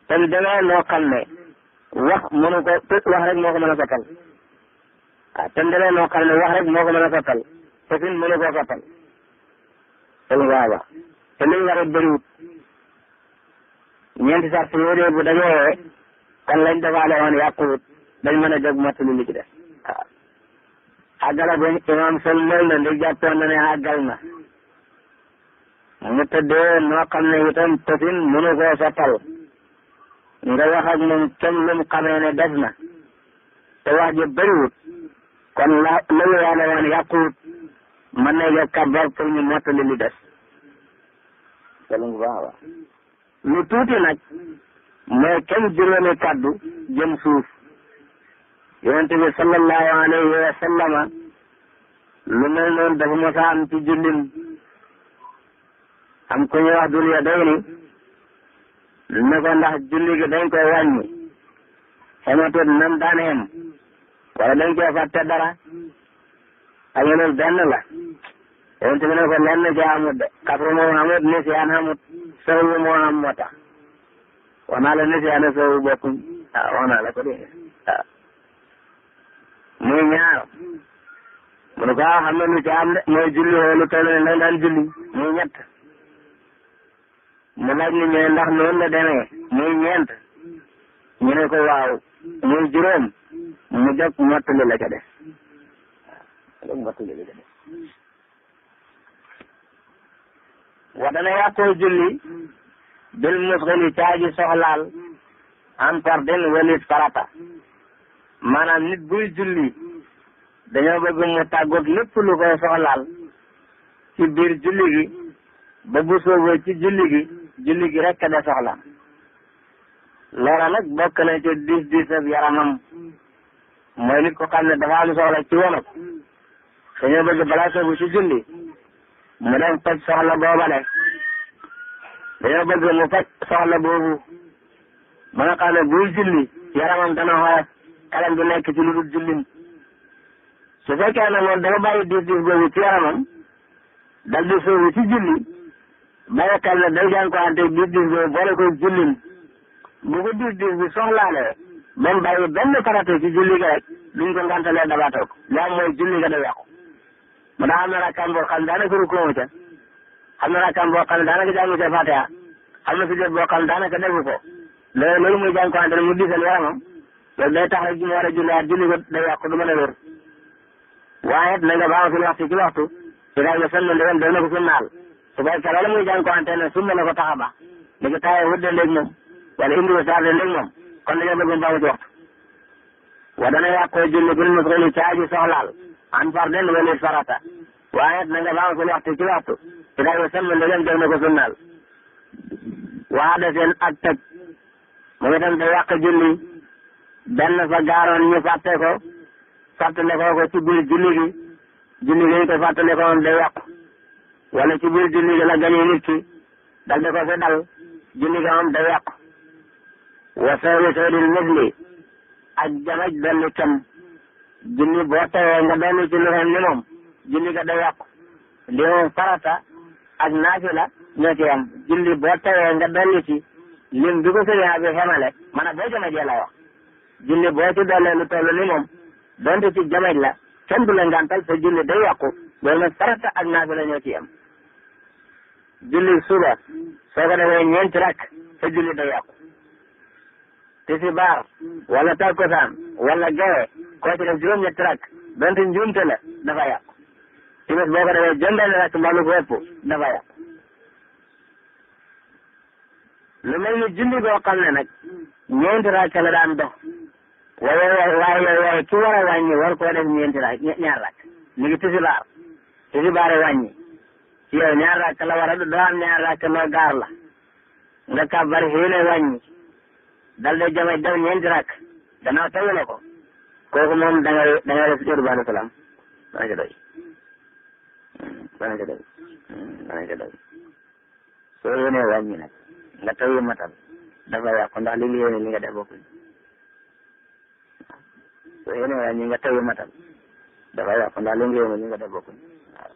tam demee loo xam ne wax mënu wax rek moo ko mën a sottal ah tam demee loo xam wax rek moo ko mën a sottal te fi mu mënu koo sottal te lu baax a te li mu war a bëriwut ñeenti sart yooyu bu dajoo kan lañ defaale woon yàquwut dañ mën a jóg mottali li ci des waaw àggala ba imaam sëlmal na li jàppoon na ne na mu tëddee noo xam ne itam tëfin mënu koo sottal nga wax ak moom lu mu xamee ne def na te wax ji bëriwut kon la la yàlla woon yàquwut mën na jóg kabar pour ñu mottali li des selung baax lu tuuti nag mooy kenn juróomi kaddu jëm suuf yonent bi sallallahu alayhi wa sallama lu dafa mos a jullim am ku ñuy wax dul ya day ni ne ko ndax julli gi dañ koy wàññi xematut nam daan xem wala dañ koy fàtte dara ak loolu benn la yonent bi ne ko lenn ci amut de kafru moom amut nisiyaan amut sowu moo moo tax wax naa la nisiyaan sowu bokkuñ ah wax naa la ko muy ñaar mu ne ko ah xam na lu ci am de mooy julli woonu toll ne nag mu laaj ni ñooy ndax noonu la demee muy ñeent ñu ne ko waaw muy juróom mu jóg mottali la ca def waaw mottali la ca def wax dana yàqoo julli bil musxali caaji soxlaal en pardin walit farata maanaam nit buy julli dañoo bëgg mu tàggoog lépp lu koy soxlaal ci biir julli gi ba bu ci julli gi julli gi rek da soxla loola nag bokk na ci diis diis ak yaramam mooy nit ko xam ne dafa am soxla ci wanag dañoo bëgg soobu ci julli mu dem faj soxla boobu ba nga xam ne buy julli yaramam dana xoyof xelam du nekk ci lu dul jullim su fekkee ne loolu dafa bàyyi diis diis boobu ci yaramam dal di sóobu ci julli bàyyi xel ne day jànkuwanteeg diis diis boobu boole ko jullim bu ko diis diis bi soxlaalee même bàyyi benn farata ci julli ga rek duñ ko ngantalee dabaatoo ko yaa mooy julli ga da yàqu mu daa am na rakam boo xam ne ca xam na rakam boo xam ne daanaka ca Fatiha xam na si jot boo xam ne daanaka defu ko loolu loolu muy jànkuwante mu diisal yaramam loolu day tax rek ñu war a julliwaat julli ko day yàqu du mën a wér waaye it na nga baax fil waxtu ci waxtu dinaa nga sën ndegam def na ko sunnaal su fekkee loolu muy jàng ko ante ne sunna na ko tax a baax da nga taayee wut de léeg moom wala indi ko saar de léeg moom kon dañoo bëgg mu baax ci waxtu. wa dana yàqoo julli bu mu soxla caaji soxlaal an far den wala farata waaye it na nga baax fil waxtu ci waxtu dinaa nga sën ndegam def na ko sunnaal waa de seen ak tëj mu ngi dem day yàq julli. benn fa gaaroon ñu fàtte ko fàttalikoo ko ci biir julli gi julli gi ñu ko fàttalikoon day yàqu wala ci biir julli gi la gañee nit ki dal di ko fi dal julli gi moom day yàqu wa sawri sawril misli ak jamaj benn cam julli boo tawee nga doon ci lu ni moom julli ga day yàqu li farata ak naafila ñoo ci am julli boo tawee nga doon ci lim bi ko sëriñ bi xamale maanaam boo jamajee la wax julli boo ci dollee lu toll ni moom donte ci jamaj la kenn du la ngantal sa julli day yàqu loolu nag farata ak naafila ñoo ci am julli suba soo ko defee ñeenti rakk sa julli day yàqu tisbaar wala takkusaan wala gawe koo ci def juróom-ñetti rakk donte njuumte la dafa yàqu timis boo ko defee jëndal rakk mbaa lu ko ëpp dafa yàqu lu mel ni julli boo xam ne nag ñeenti rakk la daan dox waaye waaye yooyu waaye ki war a wàññi war koo def ñeenti raak ñaar raak mi ngi tisbaar tisbaar wàññi yow ñaar raak la war a doo am ñaar raak noo gaar la nga kàbbar xiine wàññi dal de jamay def ñeenti raak danaa tawu na ko kooku moom da nga da nga def sujjóot ba'da salaam dana ca doy dana ca doy dana ca doy soo yéenee wàññi nga taw yi matal dafa yàqu ndax li li yéene li nga def bokkul soo yéenee ñi nga tawee matal dafay yàqu ndax li nga yéene ñi nga def bokkuñ waaw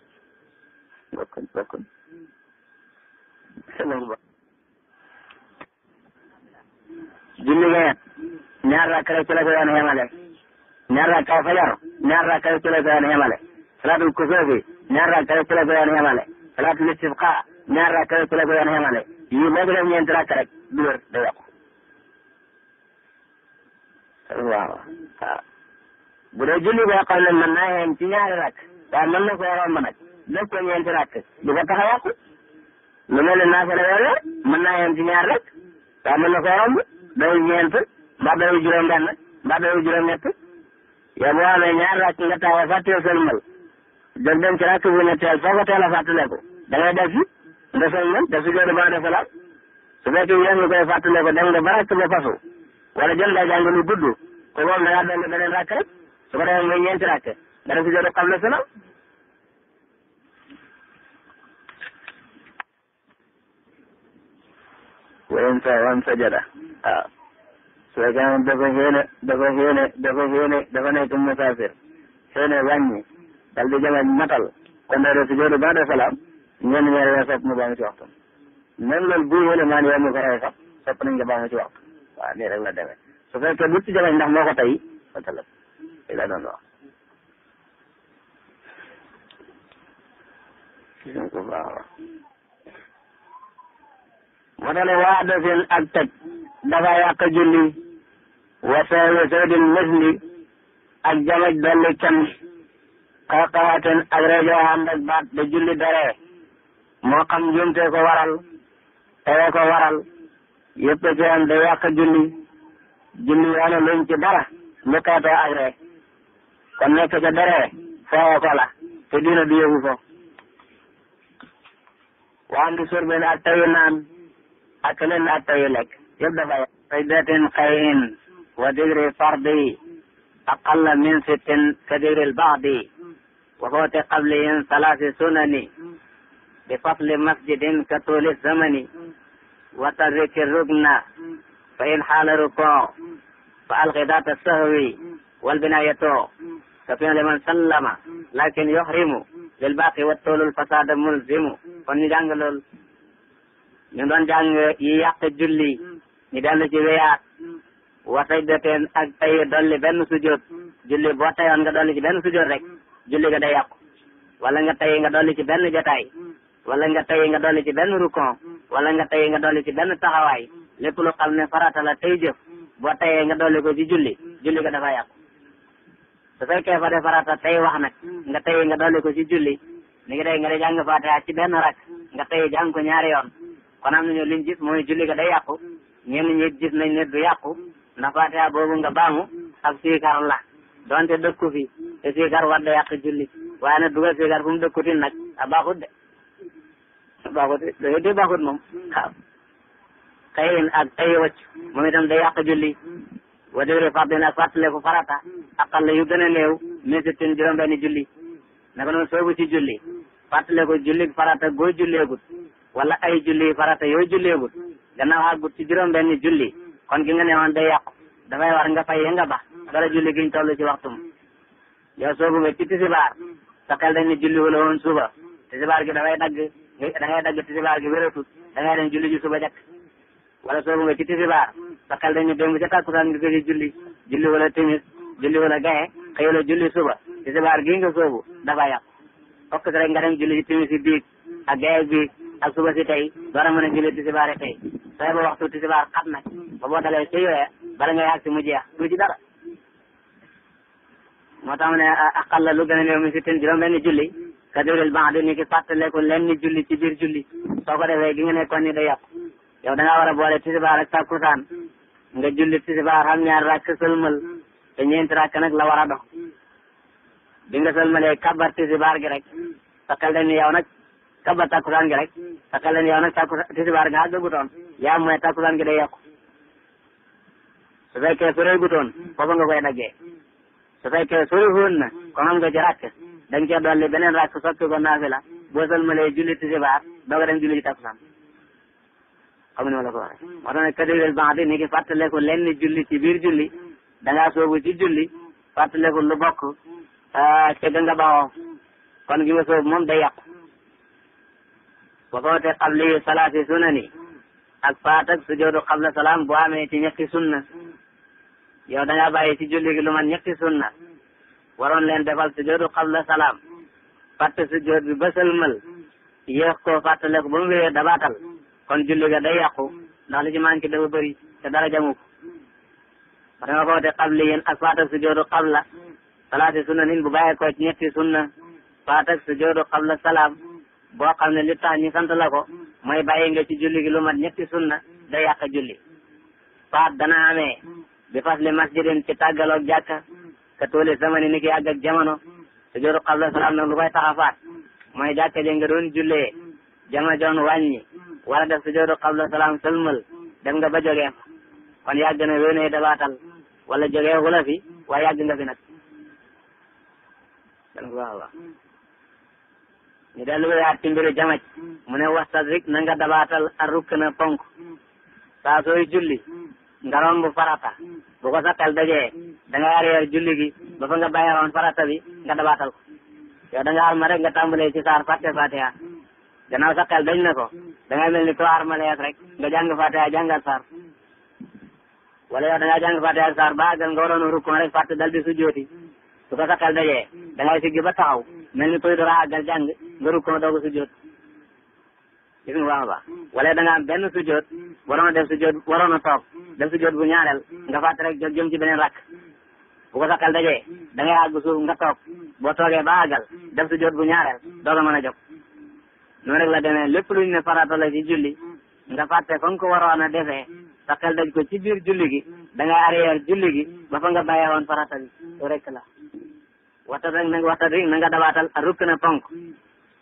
bokkuñ bokkuñ julli ga ñaar rakka rek ci la ko daan xemale ñaar rakka fajar ñaar rakka rek ci la ko daan xemale salaatul kusuufi ñaar rakka rek ci la ko daan xemale salaatul istisqa ñaar rakka rek ci la ko daan xemale yii boo ko def ñeenti rakka rek du wér da yàqu waaw waaw bu dee julli boo xam ne ci ñaari rakk waaye mën na koo romb nag def ko ñeenti rakk du ko tax a yàqu lu mel ne naafila yooyu mën naa yem ci ñaari rakk waaye na na koo romb dawul ñeent mbaa dawul juróom-benn mbaa dawul juróom-ñett yow boo amee ñaari rakk nga taxaw fàtteel sëlmal def dem ci rakk bu ñetteel foo ko teel a fàttaleku da ngay def si nga sëlmal def si jooju boo defee la su fekkee yéen nga koy fàttaleku dem nga ba rakk ba fasu wala jël nga jàng lu gudd ko boobu da ngaa doon beneen rakk rek. su ko defee muy ñeenti rakk dana si jot qabla salaam wayen sa wan sajada waaw ah. su fekkee dafa xéene dafa xéene dafa xéene dafa nekk musaafir xéene wàññi dal di jamañ matal kon day def si joodu ba de salaam ñenn ñaari weer sopp mu baamu ci waxtu même loolu bu xéene maan yow mu ko rey sax sopp nañ nga baamu ci waxtu waaw nii rek la demee su fekkee bu ci jamañ ndax ila doon wax suñ ko baax wax mu ak tëj dafa yàq julli wa soowe soodin musli ak jamaj dolli can xawxawaten ak rajo baat ba julli daree moo xam njumte ko waral tawee ko waral yëpp ci am da yàq julli julli yaa ne luñ ci dara lu kaatoo kon nekk ca deree foo ko la te dina du yëgu ko waan di surbe ak tayu naan ak leen ak tayu lekk yëpp dafa yàq sajdatin xayin wa digri fardi aqalla min sittin ka digri lbaadi wa xoote qablihin salaasi sunani bi fasli masjidin ka tuuli zamani wa tariki rukna fa in xaala rukoo fa alqi daata sahwi wal binaayatoo كفين لمن سلم لكن يحرم للباقي والطول الفساد ملزم kon ñu jàng lool ñu doon jàng yi yàq julli ñu dellu ci weyaat wasay doteen ak tay dolli benn sujjóot julli boo ga nga dolli ci benn sujjóot rek julli nga day yàqu wala nga tay nga dolli ci benn jotaay wala nga tay nga dolli ci benn rukon wala nga tay nga dolli ci benn taxawaay lépp lu xam ne farata la tey jëf boo tayee nga dolli ko ci julli julli nga dafa yàqu su fekkee fa def farata tey wax nag hmm. nga tey nga dolli ko ci julli mi ngi day nga di jàng benn rak hmm. nga tey ko ñaari yoon hmm. kon am nañu liñ gis mooy julli ga day yàqu ñenn ñi gis nañ ne du yàqu na fatiha boobu nga baamu ak siikar la donte dëkku fi te siikar war da yàq julli waaye nag dugal siikar fu mu dëkkutin nag a baaxut de baaxut de de baaxut moom waaw xëyin ak ay wacc moom itam day yàq julli wa dégre fardin ak fàttaleku farata aqalla yu gën a néew min sittin juróom benni julli naka noonu soobu ci julli fàttaleku julli farata goo julleegut wala ay julli farata yoo julleegut gannaaw àggut ci juróom benni julli kon gi nga ne woon day yàqu dafay war nga fay nga ba dara julli giñ toll ci waxtum yow soobu nga ci tisibaar sa xel dañ ne julli wala woon suba tisibaar gi dafay dagg da ngay dagg tisibaar gi wératut da ngay dem suba jakk wala soobu nga ci tisbaar sa xel dañu démb ca a julli julli wala timis julli wala gaye xëy la julli suba tisbaar gii nga soobu dafa yàq fokk rek nga dem julli ci timis si biig ak gaye bi ak suba si tey door a mën a julli tisbaar tey sooy ba waxtu tisbaar xat nag ba boo dalee ci yooya bala nga yàgg si mu jeex du ci dara moo tax mu ne aqal la lu gën a néew mi si tin juróom benn julli ka duril baax di ni ki fàttaleku lenn julli ci biir julli soo ko defee gi nga nekkoon ni day yàqu yow da ngaa war a boole tisbaar ak takkusaan nga julli tisbaar xam ñaar rakk sëlmal te ñeenti rakk nag la war a dox bi nga sëlmalee kabar tisbaar gi rek takkal leen yow nag kabar takkusaan gi rek takkal leen yow nag takkusaan tisbaar nga àggagutoon yaa mooy takkusaan gi day yokku su fekkee soreegutoon foofu nga koy daggee su fekkee sori woon na comme am nga ci rakk da nga cee dolli beneen rakk soppi ko naafila boo sëlmalee julli tisbaar dooga dem julli ji takkusaan xamuñu ma la ko waxee. moo tax nag kadibel baadi ni ki fàttaleku julli ci julli da ngaa soobu ci julli fàttaleku lu bokk ah, ca ga nga bawoo kon gi nga soobu moom day yàqu. ba foote xabli salaati sunani ak faat ak sujoodu xabla salaam bu amee ci ñetti sunna yow da ngaa bàyyi ci julli gi lu man ñetti sunna waroon leen defal sujoodu xabla salaam fàtte sujood bi ba sëlmal yéex koo fàttaleku ba mu wéyee dabaatal. kon julli ga day yàqu ndax li ci manqué dafa bëri te dara jamu ko war nga ko te xable yéen ak faatak sujoodu xabla salaati sunna nin bu salaam boo xam ne li tax ñu sant la ko mooy bàyyi nga ci julli gi lu mat ñetti sunna day yàq julli faat dana amee bi fas li masjidin ci tàggaloog jàkka ka tooli zamani ni ki àgg ak jamono sujoodu xabla salaam nag lu koy tax a faat mooy jàkka je nga doon jullee jama joon wàññi wala def sujoodu qabla salaam sëlmal dem nga ba jógee kon yàgg na wéenee dabaatal wala jógee xula fi waaye yàgg nga fi nag dan ko waaw ñu dellu wayaat mu ne wastadrik na nga dabaatal a rukk na ponk saa sooy julli nga romb farata bu ko sakkal dajee da nga arrière julli gi ba fa nga bàyyi woon farata bi nga dabaatal ko yow da nga alma rek nga tàmbalee ci saar fàtte fatiha gannaaw sa xel dañ na ko dangay mel ni too armalees rek nga jàng fatiha jàngal saar wala yow dangaa jàng fatiha saar ba àggal nga waroon a rek fàtte dal di sujjooti su ko sa xel dajee dangay siggi ba taxaw mel ni kuy door a àggal jàng nga rukkoon doog a sujjoot gis nga baax a baax wala dangaa am benn sujjoot waroon a def sujjoot waroon a toog def bu ñaareel nga fàtte rek jot jëm ci beneen rakk bu ko sa dajee dangay àgg suuf nga toog boo toogee ba àggal def sujjoot bu ñaareel doog a mën noonu la demee lépp luñ ne farata la ci julli mm. nga fàtte fa nga ko waroon a defee mm. sa xel daj ko ci biir julli gi mm. danga nga julli gi ba fa nga bàyyee woon farata bi lu la waxta rek na waxta rek na nga dabaatal a rukk na ponk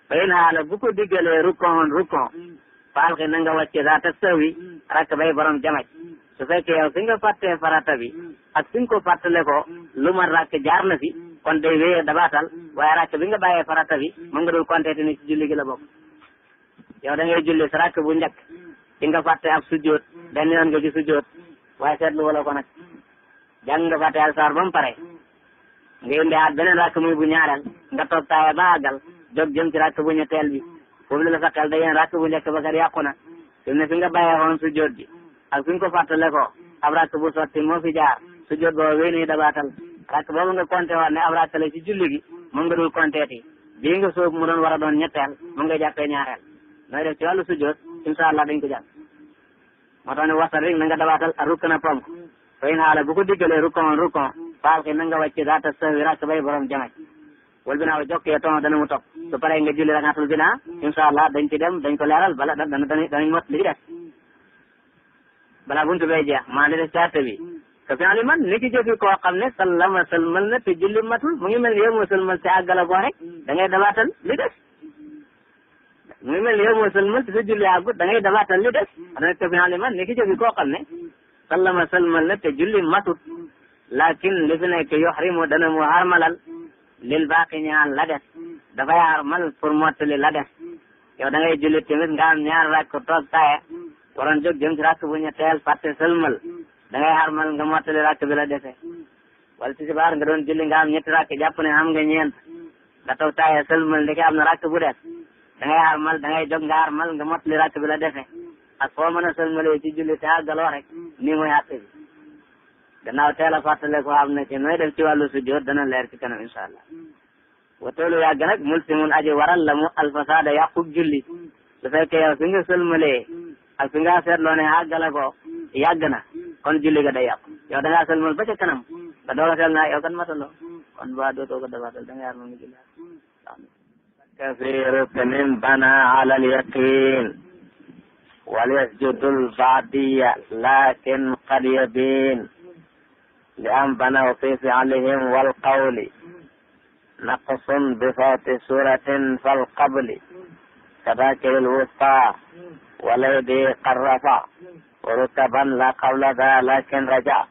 bayin xaala bu ko diggalee rukkoon ko faal na nga wàcce daa ta sawi rakk bay borom jamaj su fekkee yow fi nga fàttee farata bi ak fi nga ko fàttale ko lu ma rakk jaar na fi kon day wéyee dabaatal waaye rakk bi nga bàyyee farata bi mën nga dul compter ni ci la bokk yow da ngay julli sa rakk bu njëkk ci nga fàtte ab sujjoot benn yoon nga ci sujjoot waaye seetlu wala ko nag jàng nga fàtte ak saar ba mu pare nga indi aat beneen rakk muy bu ñaareel nga toog taaye ba àggal jóg jëm ci rakk bu ñetteel bi foofu la la sa xel rakk bu njëkk ba kat yàqu na fi mu ne fi nga bàyyee sujjoot bi ak fi nga ko fàttale ko ab rakk bu sotti moo fi jaar sujjoot boobu wéy nuy dabaatal rakk boobu nga compté woon ne ab rakk la ci julli gi moom nga dul compté ti a doon ñetteel looy def ci wàllu sujjoot insha ko jàng moo tax ne wasal rek na nga dabaatal ak rukk na ponk fa in xaala bu ko diggalee rukkon rukkon faal xi na nga wàcc daata sëwi rakk bay borom jamaj wal binaa wa jokkee ton dana mu topp su paree nga julli rakaatul binaa insha allah dañ ci dem dañ ko bala da danañ mot li ci def balaa buntu bay jeex maa ngi def carte bi te fi man ni ki ko koo xam ne sallama sëlmal na te julli matul mu ngi mel ni yow moo sëlmal si àggala da ngay mu ngi mel ni yow moo te sa julli àggut da ngay dabaatal li des rek te finale man ni ki jógi koo xam ne sallama sëlmal la te julli matut lakin li fi nekk yoxrimu dana mu xarmalal mm. lil baaqi ñaan la des mm. dafay xarmal pour mottali la des mm. yow da ngay julli tamit nga am ñaar ràkk toog taye waroon jóg jëm ci ràkk bu ñetteel fàtte sëlmal da ngay xarmal nga mottali ràkk bi la dese wala ci sibaar nga doon julli nga am ñetti ràkk jàpp ne am nga ñeent nga toog taye sëlmal ndeke am na ràkk da ngay armal dangay ngay jóg nga armal nga mot li ràkk bi la defe ak foo mën a sëlmalee ci julli te àggaloo rek nii mooy àtte bi gannaaw teel a fàttale ko am na ci def ci wàllu sujjoot dana leer ci kanam incha allah wa toolu yàgg nag mulsimul aji waral la mu alfasada yàqub julli su ke yow su sel sëlmalee ak su nga seetloo ne àggale ko yàgg na kon julli ga day yàqu yow da ngaa sëlmal ba ca kanam nga doog a seel naa yow kan kon ba dootoo ko dabaatal da ngay armal nga julli كثير من بنى على اليقين وليسجد البعدية لكن قد يبين لأن بنوا في فعلهم والقول نقص بفات سورة فالقبل كذاكر الوسطى وليدي قرفا ورتبا لا قول ذا لكن رجع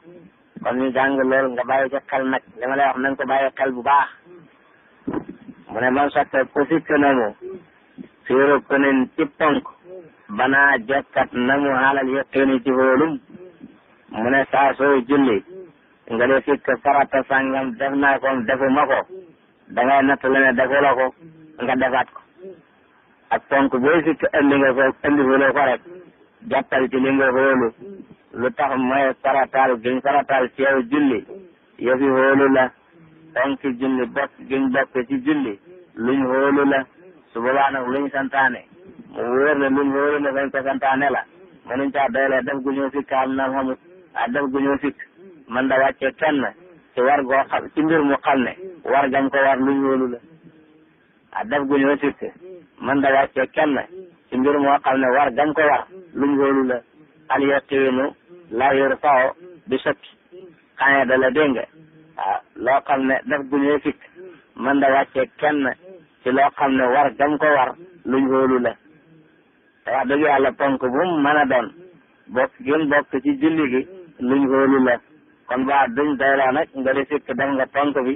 kon ñu jàng loolu nga bàyyi ca xel nag li ma lay wax na nga ko bàyyi xel bu baax mu ne man sakka position na mu fiiru kunin ci ponk banaa jokkat na mu halal yaqini ci wóolum mu ne saa soo julli nga def fikk farata sàngam def naa ko defuma ko dangay natt la ne defula ko nga defaat ko ak ponk booy fikk indi nga ko indi fuloo ko rek jàppal ci li nga wóolu lu tax mooy farataal giñ farataal ci yow julli yëfi wóolu la ponk julli bokk giñ bokk ci julli luñ xoolu la su boobaa nag luñ santaane mu wóor la luñ xoolu la fañ ko la mënuñ caa doyle def gu ñëw sikk xam na xamut ah def gu ñëw sikk man da wàcce kenn ci war mu xam ne war gam ko def gu ñëw sikk man da wàcce kenn ci mbir moo xam ne war gam ko war luñ xoolu la al yaqiinu la yurfa'u bi shakk xane da la dégg nga waaw loo xam ne def gu ñëw sikk man da wàcce kenn ci loo xam ne war gam ko war luñ hóolu la te wax dëgg yàlla ponk bu mu mën a doon bokk gën bokk ci julli gi luñ hóolu la kon ba duñ doyloo nag nga di sikk def nga ponk bi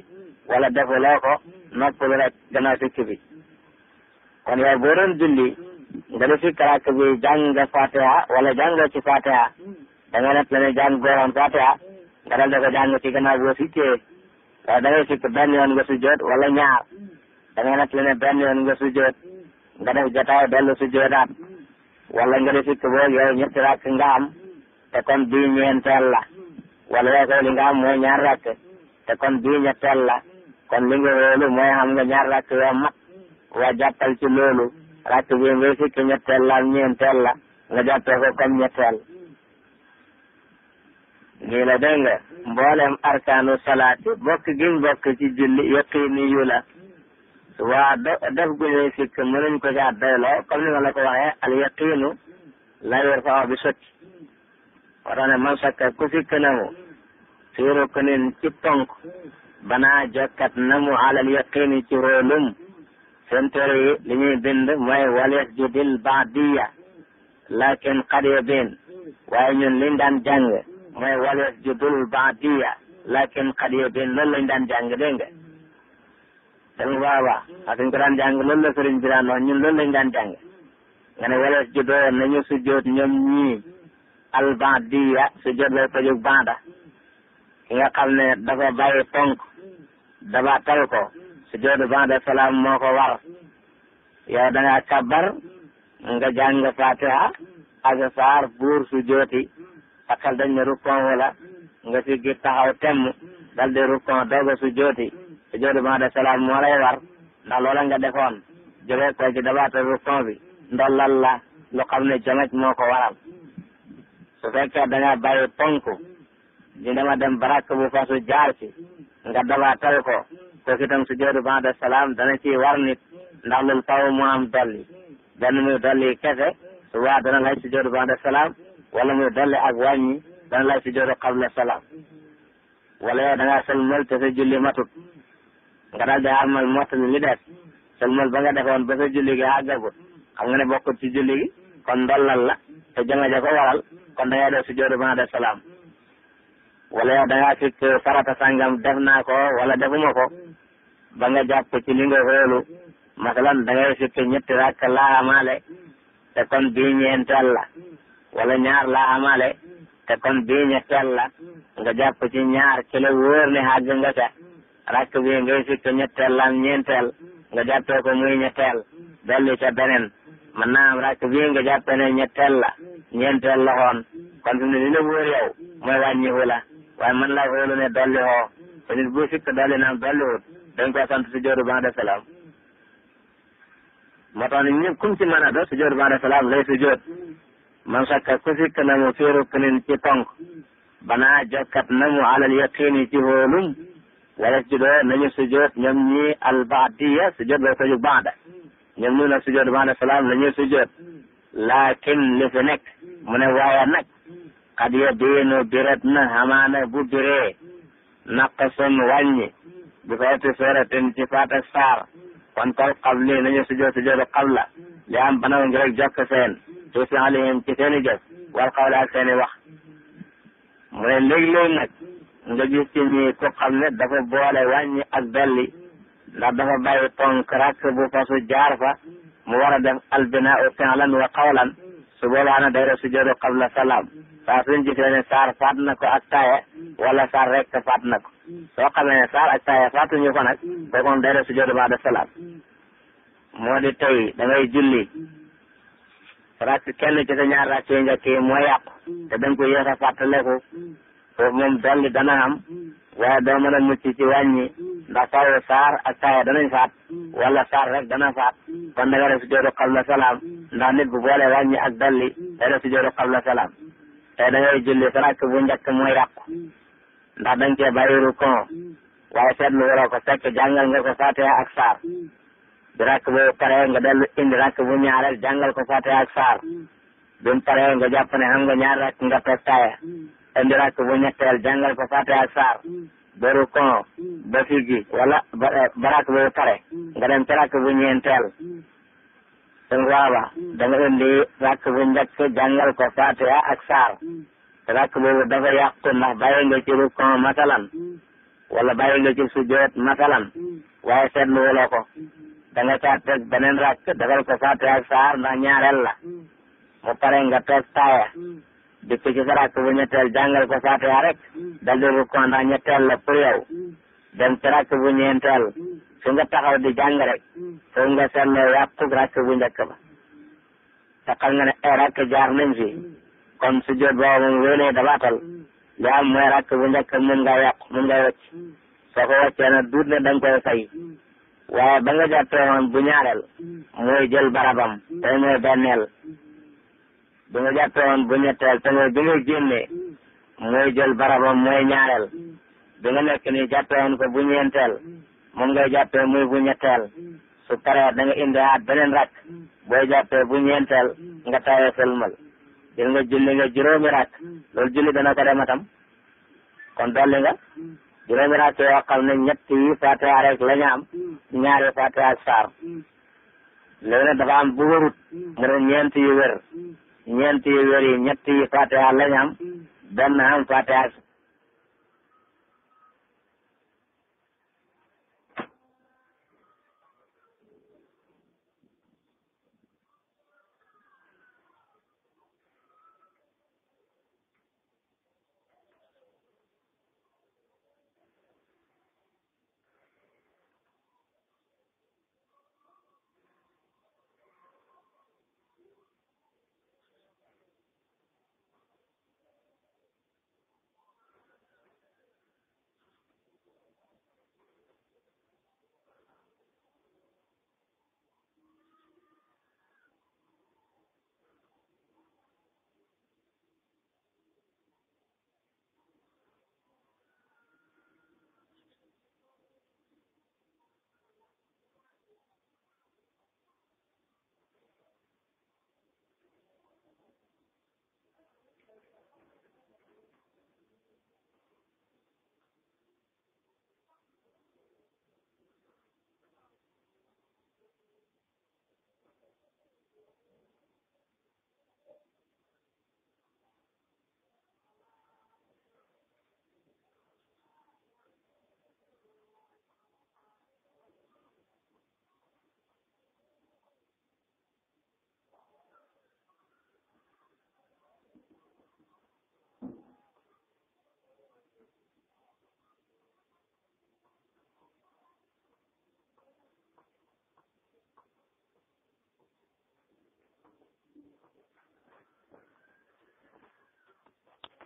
wala defuloo ko noppalu rek gannaaw sikk bi kon yow boo doon julli nga di sikk rakk bi jàng nga fatiha wala jàngoo ci fatiha da nga nekk la ne jàng góoram fatiha nga dal da ko jàng ci gannaaw boo sikkee waaye da ngay sikk benn yoon nga sujjoot wala ñaar da ngay natt ne benn yoon nga sujjoot nga def jotaay dellu sujjootaat wala nga def sikk boog yow ñetti rakk nga am te kon bii ñeenteel la wala yow koy nga am mooy ñaar rakk te kon bii ñetteel kon li nga loolu mooy xam nga ñaar rakk yoo wa jàppal ci loolu rakk bi ngay sikk ñetteel la ak ñeenteel la nga jàppee ko comme ñetteel nii la dégg nga mboolem arkaanu salaati bokk giñ bokk ci julli yaqini yu waa def gu ñuy sikk mënuñ ko caa doyloo comme ni ma la ko waxee al yaqiinu la yurfaa bi sotti moo tax ne man sakka ku sikk na mu fii ruknin ci ponk banaa jokkat na mu alal yaqiini ci róolum seen téere li ñuy bind mooy wal yasjudil baadiya lakin qad yabin waaye ñun liñ daan jàng mooy wal yasjudul baadiya lakin qad yabin loolu lañ daan jàng nga dama baax a baax parce ñu ko daan jàng loolu la sëriñ bi daan wax ñun loolu lañ daan jàng nga ne welees ju nañu sujjoot ñoom ñii albadiya sujjoot lay fajug banda ki nga xam ne dafa bàyyi tonk daba tal ko sujjootu banda salaam moo ko war yow da kabar nga jàng fatiha ak saar buur sujjooti sakkal dañ ne rukkon wala nga siggi taxaw temm dal di rukkon doog sujjóotu ba de salaam moo lay war ndax loola nga defoon jógee ko ci dabaata rukon bi ndollal la lu xam ne moo ko waral su fekkee da nga bàyyi ponk di dama dem barak bu fasu jaar ci nga dabaatal ko kooku itam sujjóotu ba de salaam dana ciy war nit ndax loolu faaw mu am dolli benn muy dolli kese su waa dana lay sujjóotu ba de salaam wala muy dolli ak wàññi dana lay sujjóotu qabla salaam wala yow da ngaa sëlmal te sa julli matut nga daal di armal mottali li des sëlmal ba nga defoon ba sa julli gi àggagut xam nga ne bokkut ci julli kon ndollal la te jama ja ko waral kon da ngay def sujjóotu ba'da salaam wala yow da ngaa fekk farata sàngam def naa ko wala defuma ko ba nga jàpp ci li nga xoolu masalan da ngay fekk ñetti rakk laa amaale te kon bii ñeenteel la wala ñaar laa amaale te kon bii ñetteel nga jàpp ci ñaar ci la wóor ne nga ca rakk bi ngay sikk ñetteel lan ñeenteel nga jàppee ko muy ñetteel dellu ca beneen man naa am rakk bi nga jàppee ne ñetteel la ñeenteel la xoon kon fi mu ne li la wóor yow mooy wàññiwu waaye man laa wóolu ne dolli xoo te nit bu sikk dolli naam dolliwut dañ koy sant si jooru ban de salaam moo tax nit ñëpp kum ci a do si jooru ban lay si joot man ku sikk na mu féeru kënin ci tonk banaa jokkat na mu alal yaqiini ci wóolum wala juddoo nañu sujjoot ñoom ñii albaadiya sujjoot ba sojug baada ñoom ñu nag sujjoot baada salaam la ñuy sujjoot laakin li fi mu ne waaye nag xad ya diinu biret na amaana bu biree naqasun wàññi bi koy ti sooratin ci faat ak saar kon kal qabli nañu sujjoot sujjootu qabla li am banaw ngi rek jokk seen ci fi'lihim ci seeni jëf wal qawla ak seeni wax mu ne léeg-léeg nag nga gis ci nii ku xam ne dafa boole wàññi ak dolli ndax dafa bàyyi ponk rakk bu fasu jaar fa mu war a def albinaa fi'lan wa qawlan su boobaa na day def sujoodu qabla salaam saa suñ gisee ne saar faat na ko ak taaye wala saar rek faat na ko so xamee ne saar ak taaye faatuñu ko nag kooku moom day def sujoodu ba'da salaam moo di tey da ngay julli rakk sa ñaar rakk yi njëkk yi moo yàqu te da nga ko yéex a fàttaleku foofu moom dolli dana am waaye doo mën a mucc ci wàññi ndax faaw saar ak saaya danañ faat wala saar rek dana faat kon da nga def sujoodu qabla salaam ndax nit bu boole wàññi ak dolli day def sujoodu salaam te da julli sa bu njëkk mooy yàqu ndax da nga cee bàyyi rukon waaye seetlu waroo ko fekk jàngal nga ko Fatiha ak saar bi rakk bu paree nga dellu indi rakk bu ñaareel jàngal ko Fatiha ak saar bi mu nga jàpp ne nga ñaar rakk nga teg taaya indilaat ko bu ñetteel jàngal ko fàtte ak saar mm. mm. ba rukon ba figi wala ba eh, rakk bu pare mm. nga dem ci rakk bu ñeenteel suñ da nga indi rakk bu njëkk jàngal ko fatiha ak saar rakk boobu dafa yàqu ndax bàyyi nga ci rukon masalan wala bàyyi nga ci sujjoot masalan waaye seetlu wuloo ko da nga caat teg beneen rakk defal ko fatiha ak saar ndax ñaareel la mu pare nga toog taaya depuis ci sarak bu ñetteel jàngal ko Fatiha rek mm. dal di rukkoo ndax ñetteel la pour yow mm. dem ci rakk bu ñeenteel mm. su taxaw di jàng rek foog nga seetloo yàqug bu njëkk ba te xam nga ne ay rakk jaar kon su jot boobu moom wéylee dabaatal li mooy rakk bu njëkk mun nga yàqu mun nga wëcc soo ko wëccee nag duut ne da nga koy fay waaye ba nga jàppee woon bu ñaareel mooy jël barabam tey mooy benneel bi nga jàppee woon bu ñetteel te nga bi nga génnee mooy jël barabam mooy ñaareel bi nga nekk ni jàppee woon ko bu ñeenteel moom ngay jàppee muy bu ñetteel su paree da nga indiwaat beneen rakk booy jàppee bu ñeenteel nga tawee sëlmal jël nga julli nga juróomi rakk loolu julli dana ko dem atam kon dolli nga juróomi rakk yoo xam ne ñett yi fatiha rek la ñu am ñaari fatiha ak saar léegi nag dafa am bu wërut mu ne ñeent yu wër ñeent yi wér yi ñett yi fatiha lañ